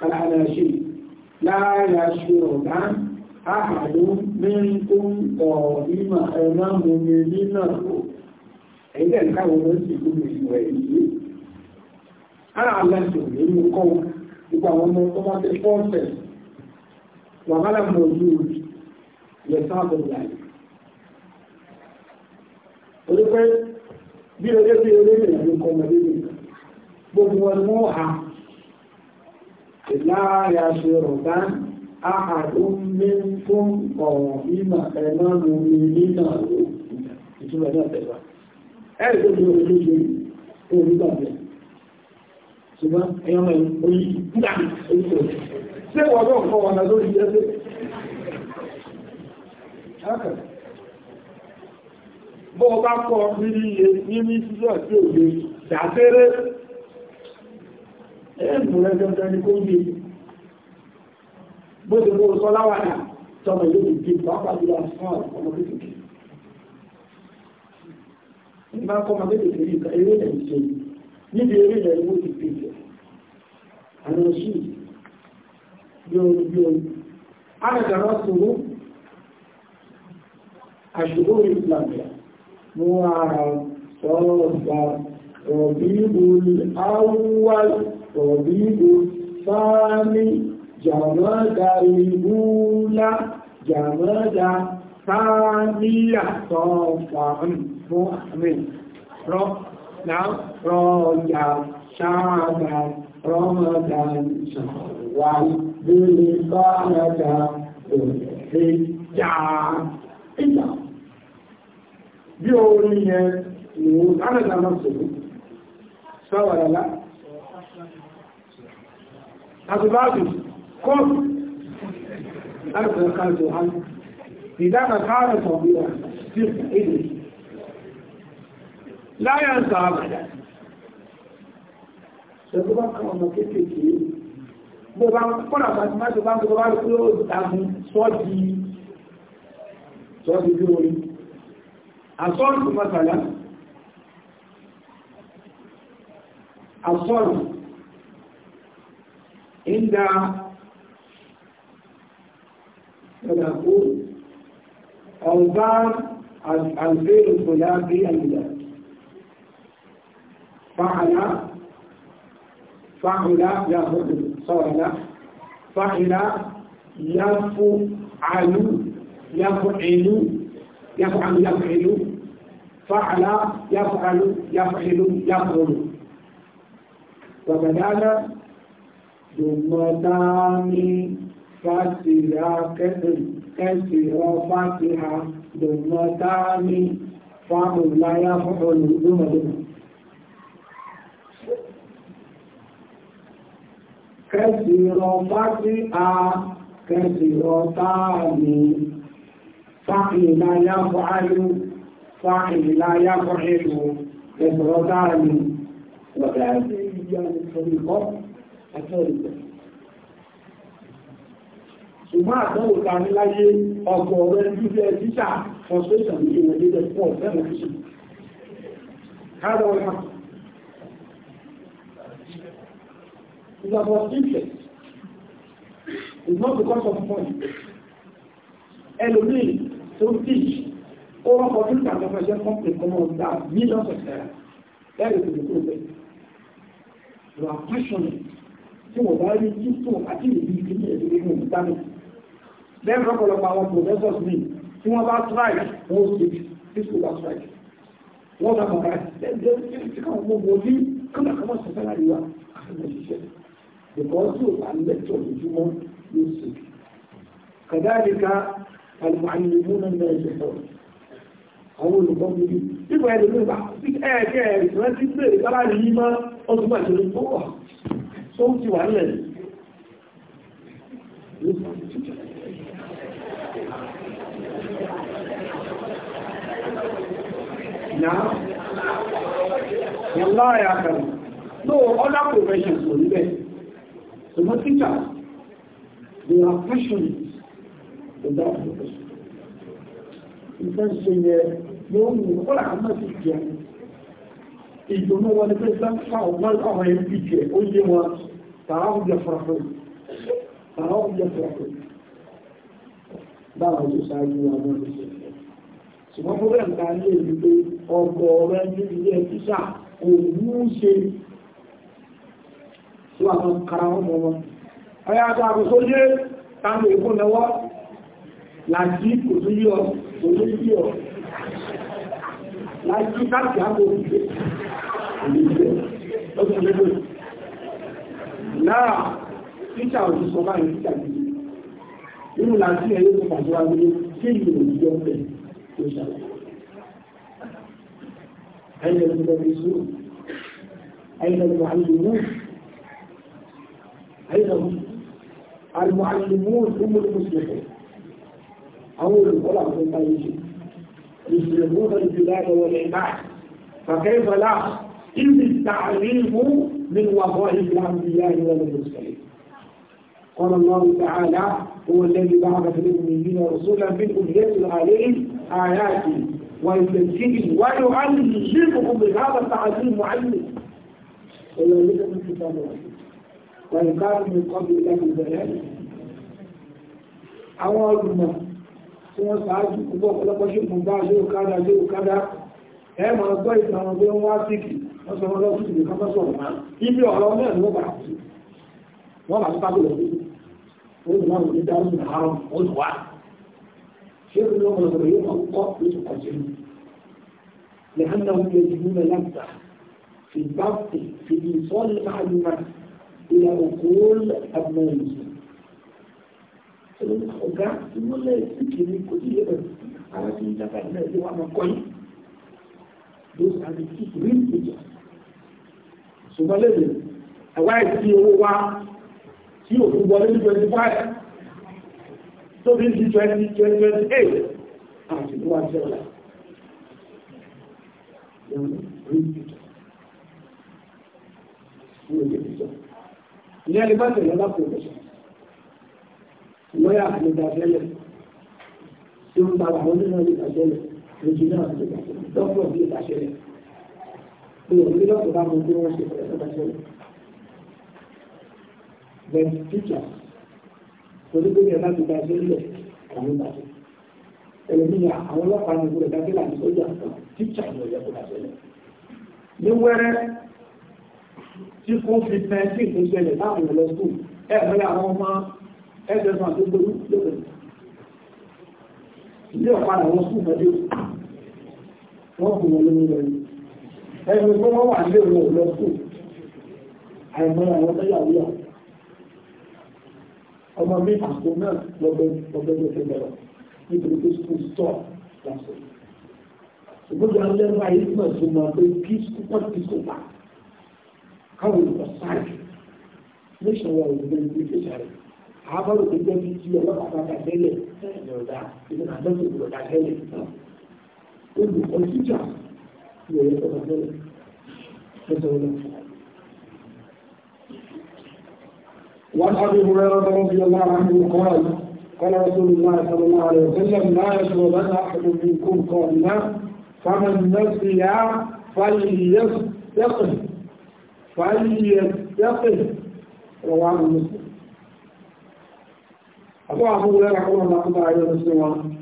العناشيد láàyà ṣe ọ̀dá àhàdó mẹ́rin tó ń tọ̀ nímọ̀ ẹ̀mọ́ mọ́mí nínà tó ẹ̀yẹ́ ìkáwọn ló sì kú ìwẹ̀ yìí ara aláṣẹ òní mú kọ́ gbogbo àwọn ọmọ tó bá bí eré bí eré nìyẹn ló nìkan gbogbo wọn ni wọ́n hà láàrin aṣèrò bá àhàdún fún ọ̀rọ̀ mímọ̀ ẹ̀mọ́ lórí nínà ìtumẹ̀ náà kọ́ wọn iye nílí sísọ̀ tí ò lè ẹ̀mù rẹ̀ gẹ́gẹ́ ní kó gbé bó ti kó sọ láwàdà tọmọ ìlú ìgbé pàápàá jùlọ rẹ̀ ń ṣe níbi eré rẹ̀ ló ti gbé jẹ bí oru bí oru tọ̀bíbù sáàmì jàmọ́dà ìbúlá jàmọ́dà sáàmìyà tọ́fàán fún àmì rọ́ náà rọ́ọ̀yà sáàmà rọ́mọdà ìṣàwà lórí báradà òṣèré jáà ìjà bí orin yẹn ni ó sọ̀rọ̀ asibáàbù kọ́ọ̀pù láti ọ̀ká johan ìdáka káàrẹ̀ tọ̀gbìyà sí èdè láyà ń sàábàdà ṣẹ̀tọ́ bá kọ́ ọmọ kéèkéèké bó bá kọ́nà bá ti máa ṣe bá ń gbọ́ bá rí pé ó dàbí sọ́ọ̀dì sọ́ọ̀dì bí orí àsọ́ọ̀dì mọ́sàlá àsọ́ọ̀dì ìdá ṣẹ̀dàkú ọ̀gbá àgbèrè ìgbòlá bí àyíká fàhàlá fàhàlá yàfù sọ̀rọ̀lá fàhàlá yàfù àlú yàfù ìlú yàfù àlú yàfù ìlú fàhàlá yàfù àlú yàfù ìlú yàfù ìlú وبدانا dùmọ̀dáàmì fásihà kẹsìrọ fásihà dùmọ̀dáàmì fáwọn láyá fọ́ọ̀lù dùmọ̀dùmọ̀. kẹsìrọ fásihà kẹsìrọ táàmì fáìlà yàfọ́ àlù fáìlà yàfọ́ àlù kẹsìrọ táàmì wọ́n dáa sí ìyá ìfọ̀lùkọ́ ọjọ́ ìgbà ṣùgbọ́n àtọ́wò ta ní láyé ọgbọ̀ ọ̀rẹ́ jíjẹ́ títà frustration ní ìwọ̀n ilẹ̀ pọ̀ lẹ́mọ̀ fi káàdọ̀ ọ̀rẹ́ It's about interest. It's not because of money. Ẹlòmíì tó teach ó rọ́pọ̀ tó tàbí ọmọdé company kan mọ́ ọ̀dá millions of naira. That is the problem. You are passionate tí wọ́n bá rí títò àti ìlú ìlú ẹ̀dùn nínú ìdáná. Bẹ́ẹ̀ rọ́pọ̀lọpọ̀ àwọn professors mi tí wọ́n bá strike wọ́n ṣe tí kò bá strike. Wọ́n bá bàbá ẹgbẹ́ tí káwọn ọmọ wọn ní kọ́nà kọ́mọ̀ sọ́sẹ́ láti wá àwọn òṣìṣẹ́. Bẹ̀kọ́ tí ò bá lẹ́tọ̀ lójúmọ́ ló ṣe. Kàdáàdìka àlùmọ̀ánìlúmọ́ náà ṣẹ̀tọ̀. Àwọn olùkọ́ mi ní ìgbà ẹ̀dùn nígbà ẹ̀ẹ́kẹ́ ẹ̀ẹ́kẹ́ tó ń ti wà nílẹ̀ náà wọ́n láàrin àkàrà no other professions kò níbẹ̀ ṣùgbọ́n títà they are passionate profession ìfẹ́ ṣe yẹ yóò mú ọ̀rọ̀ àmọ́ sí jẹ wọn ni pé تراهم يفرحون تراهم يفرحون báwọn tó ṣáájú wa náà ló ṣe ṣùgbọ́n mo bẹ̀rẹ̀ ká ní èyí pé ọkọ̀ rẹ ní ilé tíṣà kò mú ṣe tí wà máa kára wọn mọ wọn ọyá àti àkóso yé táwọn èèkó lọ́wọ́ láti kò tó yí ọ kò tó yí ọ láti káàkiri àkókò ìgbé ìgbé ọdún ìgbé náà títà òjú sọ bá yẹn títà gidi nínú láti ẹ̀yẹ́ tó pàṣẹ wá gbélé tí ìlú òjú jọ pẹ̀ tó ṣàlẹ̀ ẹ̀yẹ́ tó lọ fi sùn ẹ̀yẹ́ tó àlùmọ́ ẹ̀yẹ́ فكيف لا إذ التعليم من وظائف الأنبياء والمرسلين قال الله تعالى هو الذي بعث في الأميين رسولا منهم يتلو عليهم آياته ويزكيهم ويعلمهم بهذا التعليم معلم ويعلمهم من كتاب الله وإن كانوا من قبل لكم ذلك àwọn olùmọ̀ tí wọ́n sáájú púpọ̀ ọ̀pọ̀lọpọ̀ ṣe mú bá ṣe òkádà ṣe òkádà ẹ̀ máa gbọ́ ìtàn àwọn bí wá síkì wọ́n sọ wọ́n lọ́sùn ìdíkan tó sọ̀rọ̀ máa ibi ọ̀rọ̀ náà ni wọ́n bá kù wọ́n bá nípa gbọ́dọ̀ ó ní wọn ní dáhùn ní àárọ̀ ó lù wá ṣé ó lọ́kọ̀ lọ́kọ̀ yóò máa kọ́ lóṣù kọ̀ọ̀tún lẹ́hìn náà wọ́n yẹ jùlọ náà lágbà في الضبط في إيصال المعلومات إلى عقول الناس ọ̀gá tí wọ́n lè síkìrí kò sí ẹ̀rọ ara tí ń jábàá náà lé wà máa kọ́ yìí those are the key real features ṣùgbọ́n lè ẹ̀wá ìsí owó wá tí ò fún wọlé ní 25 tó bí sí 20 àti tó wá jẹ́ ọ̀la ní ẹni bá tẹ̀lé lápò ìpẹ̀ṣẹ̀ lọ́yà àti ìdàjẹ́lẹ̀ tí ó ń bá àwọn onírànlẹ̀ ìdàjẹ́lẹ̀ lójú àti ìdàjẹ́lẹ̀ òbí lọ́sọ̀ bá gbogbo wọn ṣe fẹ́ sọ́dọ̀ sẹ́yìn. bẹ́ẹ̀ tíjà torí pé ìyẹn láti gba ẹgbẹ́ ilẹ̀ àwọn ìbàdàn ẹlòmíyà àwọn ọlọ́pàá ní ìwúrẹ̀ dájú láti sọ́jà kan tíjà ní ọ̀yẹ́ kó dàjẹ́ lẹ̀. ní wẹ́rẹ́ tí kò fi fẹ́ sí ìfúnṣẹlẹ̀ láwọn ìlọ skul ẹ̀ mẹ́lẹ̀ àwọn ọmọ ẹ̀ẹ́dẹ́gbọ̀n tó gbóyún lókè ilé ọ̀pá àwọn skul mẹ́lẹ̀ wọ́n kò wọ́n lómi lẹ́yìn ẹni tó wọ́n wà lé wọn lọ sí àìmọ́ àwọn tẹ́yàwó ọmọ mi àpò náà lọ́gbẹ́ ló nítorí pé school store lásán ìgbójú alẹ́ máa mọ̀ sí mọ̀ pé kí púpọ̀ kí kò bá káwọn olùkọ́ sáré ní ìṣòro àwọn olùkọ́ ìlú ìlú tó jẹ́ bí ti ọlọ́pàá bá tẹ́lẹ̀ ìlú ọ̀dà ìlú àbẹ́sẹ̀ ìlú ọ̀dà tẹ́lẹ̀ olùkọ́ وعن ابي هريره رضي الله عنه قال قال رسول الله صلى الله عليه وسلم لا يشربن احد منكم قائما فمن نسي فليستقه فليستقه رواه مسلم أبو أبو هريرة رحمه الله عليه وسلم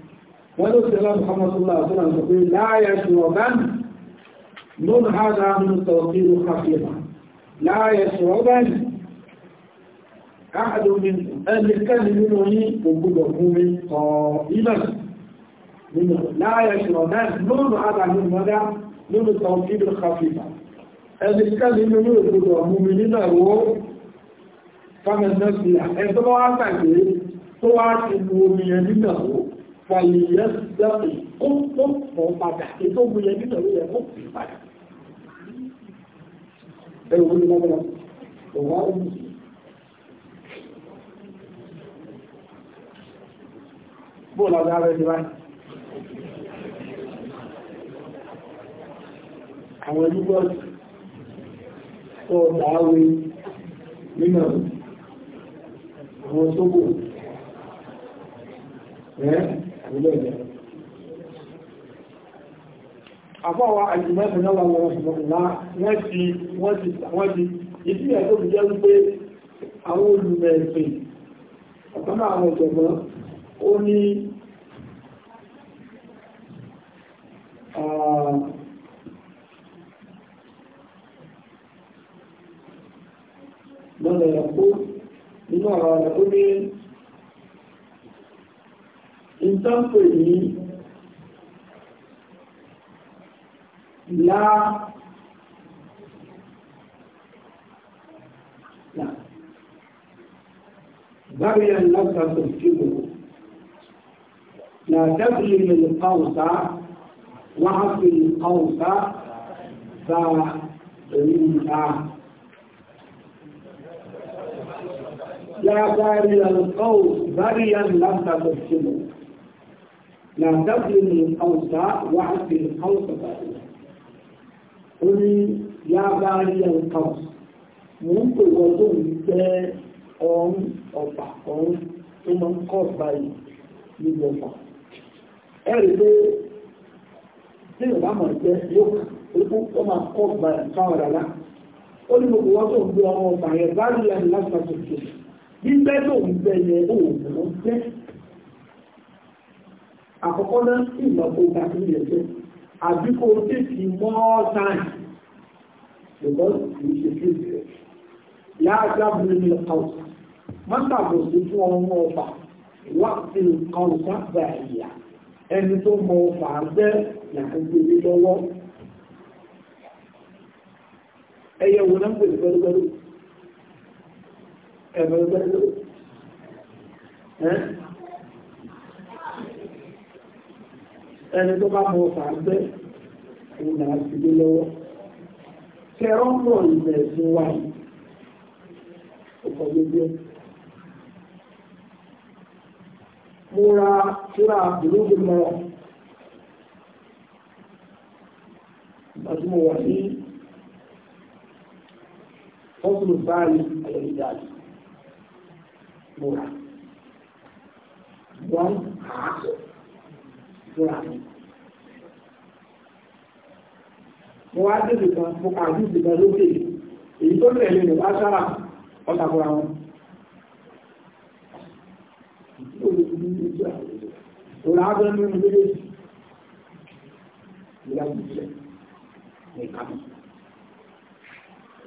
ونسي الله محمد صلى الله عليه وسلم لا يشربن من هذا من التوقير خفيفة لا يشربن أحد من أهل الكلم منه وجوده قائما لا يشربن من هذا من هذا من التوقير الخفيفة أهل الكلم منه وجوده مؤمنين هو فمن نسي أنت ما أعتقد هو أعتقد قط قط قط قط قط قط قط قط قط قط ق ẹ̀rù wọ́n ní lágbára òun á rí bóò làwọn ará ẹni báyìí àwọn ẹni bọ́ọ̀lù tó dàáwé nínú àwọn sóbò ẹ́ àbúlẹ̀ ìjọba àfọwà àjùmọ́sùn náà wọ́n wọ́n ńlá wọ́n ti wọ́n ti wọ́n ti ìdí ẹ̀ tó fi jẹ́ wípé àwọn olùmọ̀ ẹ̀sìn ọ̀kan náà àwọn ọ̀jọ̀gbọ́n ó ní lọ́nà ẹ̀kú nínú ọ̀rọ̀ ẹ̀kú ní ìtànkù yìí لا لا بغي النفس تفكره لا تظلم القوس وعف القوس فإنها لا بغي القوس بغي النفس تفكره لا تظلم القوس وعف القوس فإنها ó ya yáàbá rí ẹ̀ka mò ń pè wọ́n tó ń jẹ́ ọ̀run ọ̀pá ọ̀run tó máa ń kọ́ báyìí ní gbọ̀ngàn. ẹ rí i pé tí ìgbà mọ̀ jẹ́ yóò kú ó máa kọ́ báyìí fáwọn rárá ó ní gbogbo wọn tó ń gbé ọmọ jẹ́ àkọ́kọ́ náà ìmọ̀ kó bá ti jẹ́ àbí kò tètè more time because kì í ṣe kí ìbẹ̀rẹ̀ yà á jábọ̀ ní ọ̀sán mọ́tàbọ̀ sí fún ọmọ ọba wá sí ọ̀sá bàyà ẹni tó mọ ọba bẹ́ làkúgbèrè lọ́wọ́ ẹyẹ wo náà ń pè ní gbẹdúgbẹdú ẹ̀rọ gbẹdúgbẹdú ẹni tó bá mọ fàájẹ́ òun là á ti lé lọ́wọ́ kẹrọ mọ̀ ilẹ̀ ẹ̀sìn wa yìí ọkọ̀ gbogbo mo ra síra ìlúgbìn lọ àti mo wà ní ọ́sùn báyìí àyẹ̀lẹ́dà mo rà wọ́n àásọ̀ fúnra mi. Mo wá débì kan, mo kà ní ìgbìmọ̀ lókè, èyí tó tẹ̀lé rẹ̀ bá sára ọ̀tàkùnra wọn. Òrà abẹ́ nínú méjèèjì, ìyá ìjẹ́, ẹ̀ka mi.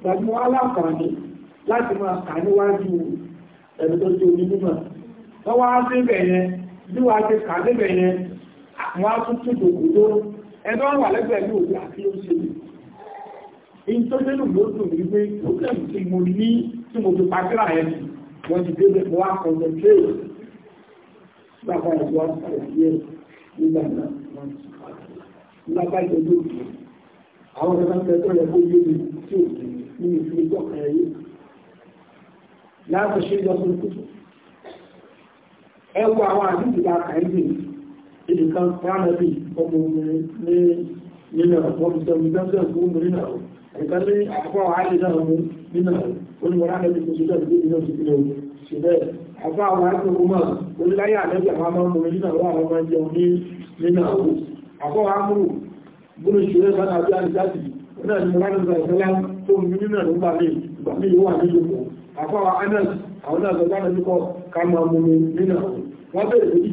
Gbàgbọ́ aláǹfààní láti máa kà níwájú ẹ̀rọ tó ti omi nímọ̀. Wọ́n wá sí ibẹ̀ yẹn, bí wàá ti kà níbẹ̀ yẹn, wọ́n á tún tún dòkú tó ẹ̀dọ́ wà lẹ́gbẹ̀ẹ́ ní òjò àti òṣèlú in tó dẹ́nu ló dùn ní pé problem tí mo ní tí mo fi pàtíra ẹ̀ wọ́n ti débẹ̀ wọ́n á concentrate bàbá ẹ̀ wọ́n sàrẹ̀ sí ẹ̀ nígbà náà wọ́n ti lábàjẹ́ lóòtù àwọn ọ̀dọ́ ń tẹ́tọ́ yẹ kó yé mi tí ò ní ìfún ìjọ kan ẹ̀yẹ ẹwọ àwọn àdúgbò àkàndé ibi kan pàánàbì ọmọ obìnrin ní nílẹ̀ wọ́n ti sọ̀rọ̀ ìgbẹ́sẹ̀ fún obìnrin náà ẹ̀kan ní àkọ́ àálẹ́ náà mú nínú olùwọ́n àlẹ́bí tó ṣiṣẹ́ ìgbé ìlú ìpínlẹ̀ òun ṣùgbẹ́ àfọ́ àwọn akẹ́kọ̀ọ́ mọ̀ oríláyé àlẹ́bí àwọn ọmọ ọmọ nínú àwọn àwọn ọmọ ẹjẹun ní nínú àwọn àfọ́ àmúrù gbọ́nà ìṣẹ́lẹ̀ bá tàbí àrídájì náà ni mọ́lá nígbà ìṣẹ́lá tó mú nínú ẹ̀rọ gbà lè gbà lè wà nílùú àfọ́ àwọn anẹ́s àwọn náà sọ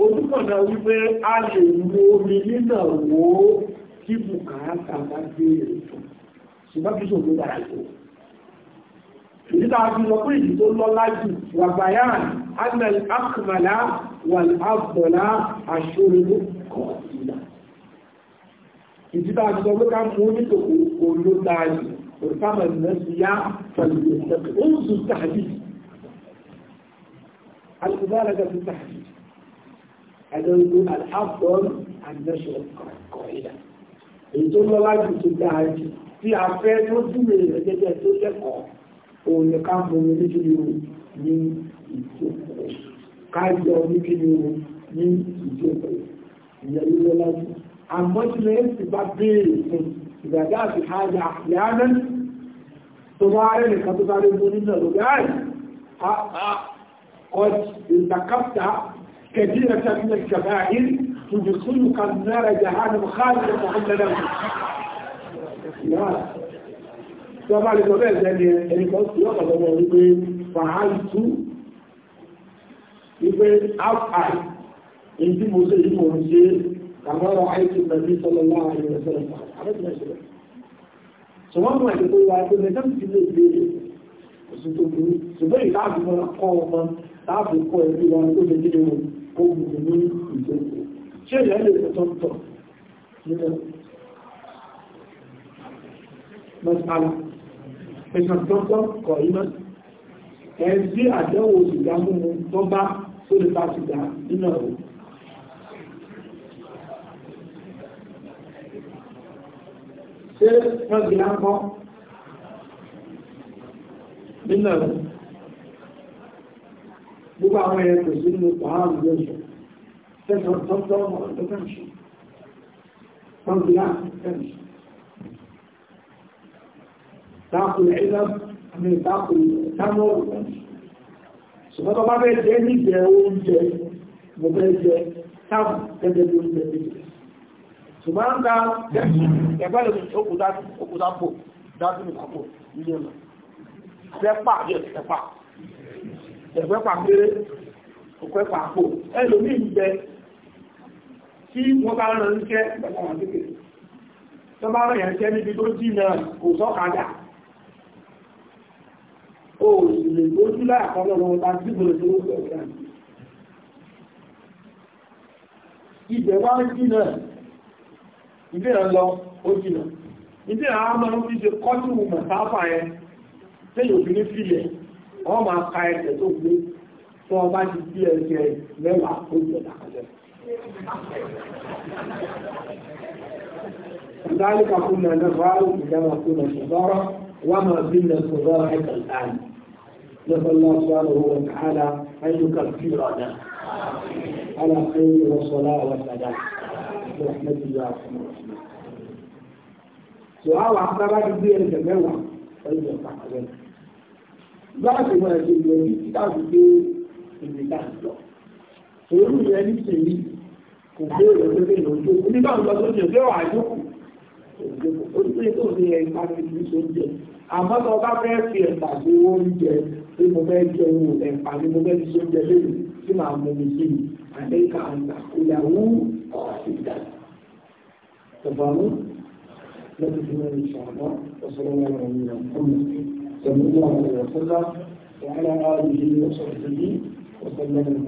ojúkọ̀nà wípé a lè mú omi nínà wó kí bùkátà bá gbé ẹ̀sùn ṣùgbọ́n kí ṣòro dára jù èyí tàà fi lọ pé ìdí tó lọ́lá jù wà bayan annal akmala wal abdola aṣòro kọ̀ ìlà ìdí tàà fi lọ pé ká mú nítòkò olóòtàájì òrùkámọ̀ ìrẹsìyá pẹ̀lú ìrẹsìyá oúnjẹ tàbí alìbálẹ̀ ẹ̀dọ́gbó àdáfọ́n àdínẹ́sọ̀rọ̀ kọ̀ọ̀ìdà èyí tó lọ́lá jù tó dáa jù tí a fẹ́ tó dúró rẹ̀ gẹ́gẹ́ tó lẹ́kọ̀ọ́ òun ni ká mú omi nítorí o ní ìjókòó ká yọ omi nítorí o ní ìjókòó ìyẹn ló lọ́lá jù àmọ́ tí lè ti bá béèrè fún ìgbàdá àti àjà àyáná tó bá rẹ̀ nìkan tó sáré mú nínú ọ̀rọ̀ gáàrí ọ̀tí ìtàkàtà كثيرة من الكبائر تدخلك النار جهنم خالدا محمدا tí wọ́n bá lè sọ bẹ́ẹ̀ sẹ́ni ẹni kan sí ọ̀pọ̀ lọ́wọ́ wípé fàáìtú wípé áfàì èyí tí mo ṣe yìí mo ń ṣe àmọ́rọ̀ àìsí nàbí sọ́lọ́ láàrin ìrẹsẹ̀lẹ̀ àrẹ́sìnàṣẹ̀lẹ̀ ṣùgbọ́n mo ẹ̀ṣẹ̀ tó wà pé mẹ́ta ti lè gbé oṣù tó burú ṣùgbọ́n ìdáàbò kọ́ ọmọ láàbò kọ́ ẹbí wa tó lè gbé wọn ó wù ní ìjókòó ṣé ìyá lè fi tó ń tọ̀ nínú mọ́sálà ẹ̀sán tó ń tọ̀ kọ̀ iná ẹ̀ sí àdẹ́wò ìgbà múmu tó bá tó lè bá ti dà nínú ọ̀rọ̀ ṣé wọ́n gbìyànjọ́ nínú ọ̀rọ̀ gbogbo àwọn ẹ̀yẹ kò sí nínú pàáàrù lọ́sọ̀ tẹ́sán tọ́tọ́ ọmọ lọ́kànṣe pọ́nbílá lọ́kànṣe dákùn ẹ̀lá àmì dákùn támọ́ lọ́kànṣe ṣùgbọ́n tó bá bẹ́ẹ̀ jẹ́ níjẹ oúnjẹ mo fẹ́ jẹ táàbù gẹ́gẹ́ bí oúnjẹ bí ṣùgbọ́n ń ka ẹgbẹ́ lè òkúta pò dájú nìkan pò nílé lọ tẹ́pà yẹ tẹ́pà ẹ̀gbẹ́ pàpéré òpẹ́ pàpò ẹlòmí ìgbẹ́ tí wọ́n bá rán ń jẹ́ pẹ̀lọ́wọ́n kékeré tó bá rán yẹn jẹ́ níbi tó jìnà kò sọ́kadà fi ní fìlẹ̀ wọ́n máa ka ẹsẹ̀ tó gbé tí wọ́n bá ti won ẹsẹ̀ mẹ́wàá tó to ذلك كنا نفعل عندما كنا صغارا وما زلنا صغارا حتى الآن نسأل الله سبحانه وتعالى أن يكفرنا على خير والصلاة والسلام برحمة الله سبحانه وتعالى. سؤال عبد الله بن زيد الجماعة طيب láti máa ṣe ìwé ní títàbí pé ìwé láti lọ. Òru ní tèmi kò gbé ìwé pé Onígbà ń lọ sójú ìwé wà jókòó. Oṣù tó ní ẹ̀ka ti fi sóúnjẹ. Àmọ́ tó bá fẹ́ fi ẹ̀ka sí owó oúnjẹ pé mo fẹ́ jẹ ohun ẹ̀ka ni mo fẹ́ fi sóúnjẹ lónìí tí màá mú mi sí àdéhìká àgbà ìyàwó ọ̀sìn dà. Tọ̀bọ̀nú lọ́dún صلى الله عليه وسلم وعلى آله وصحبه وسلم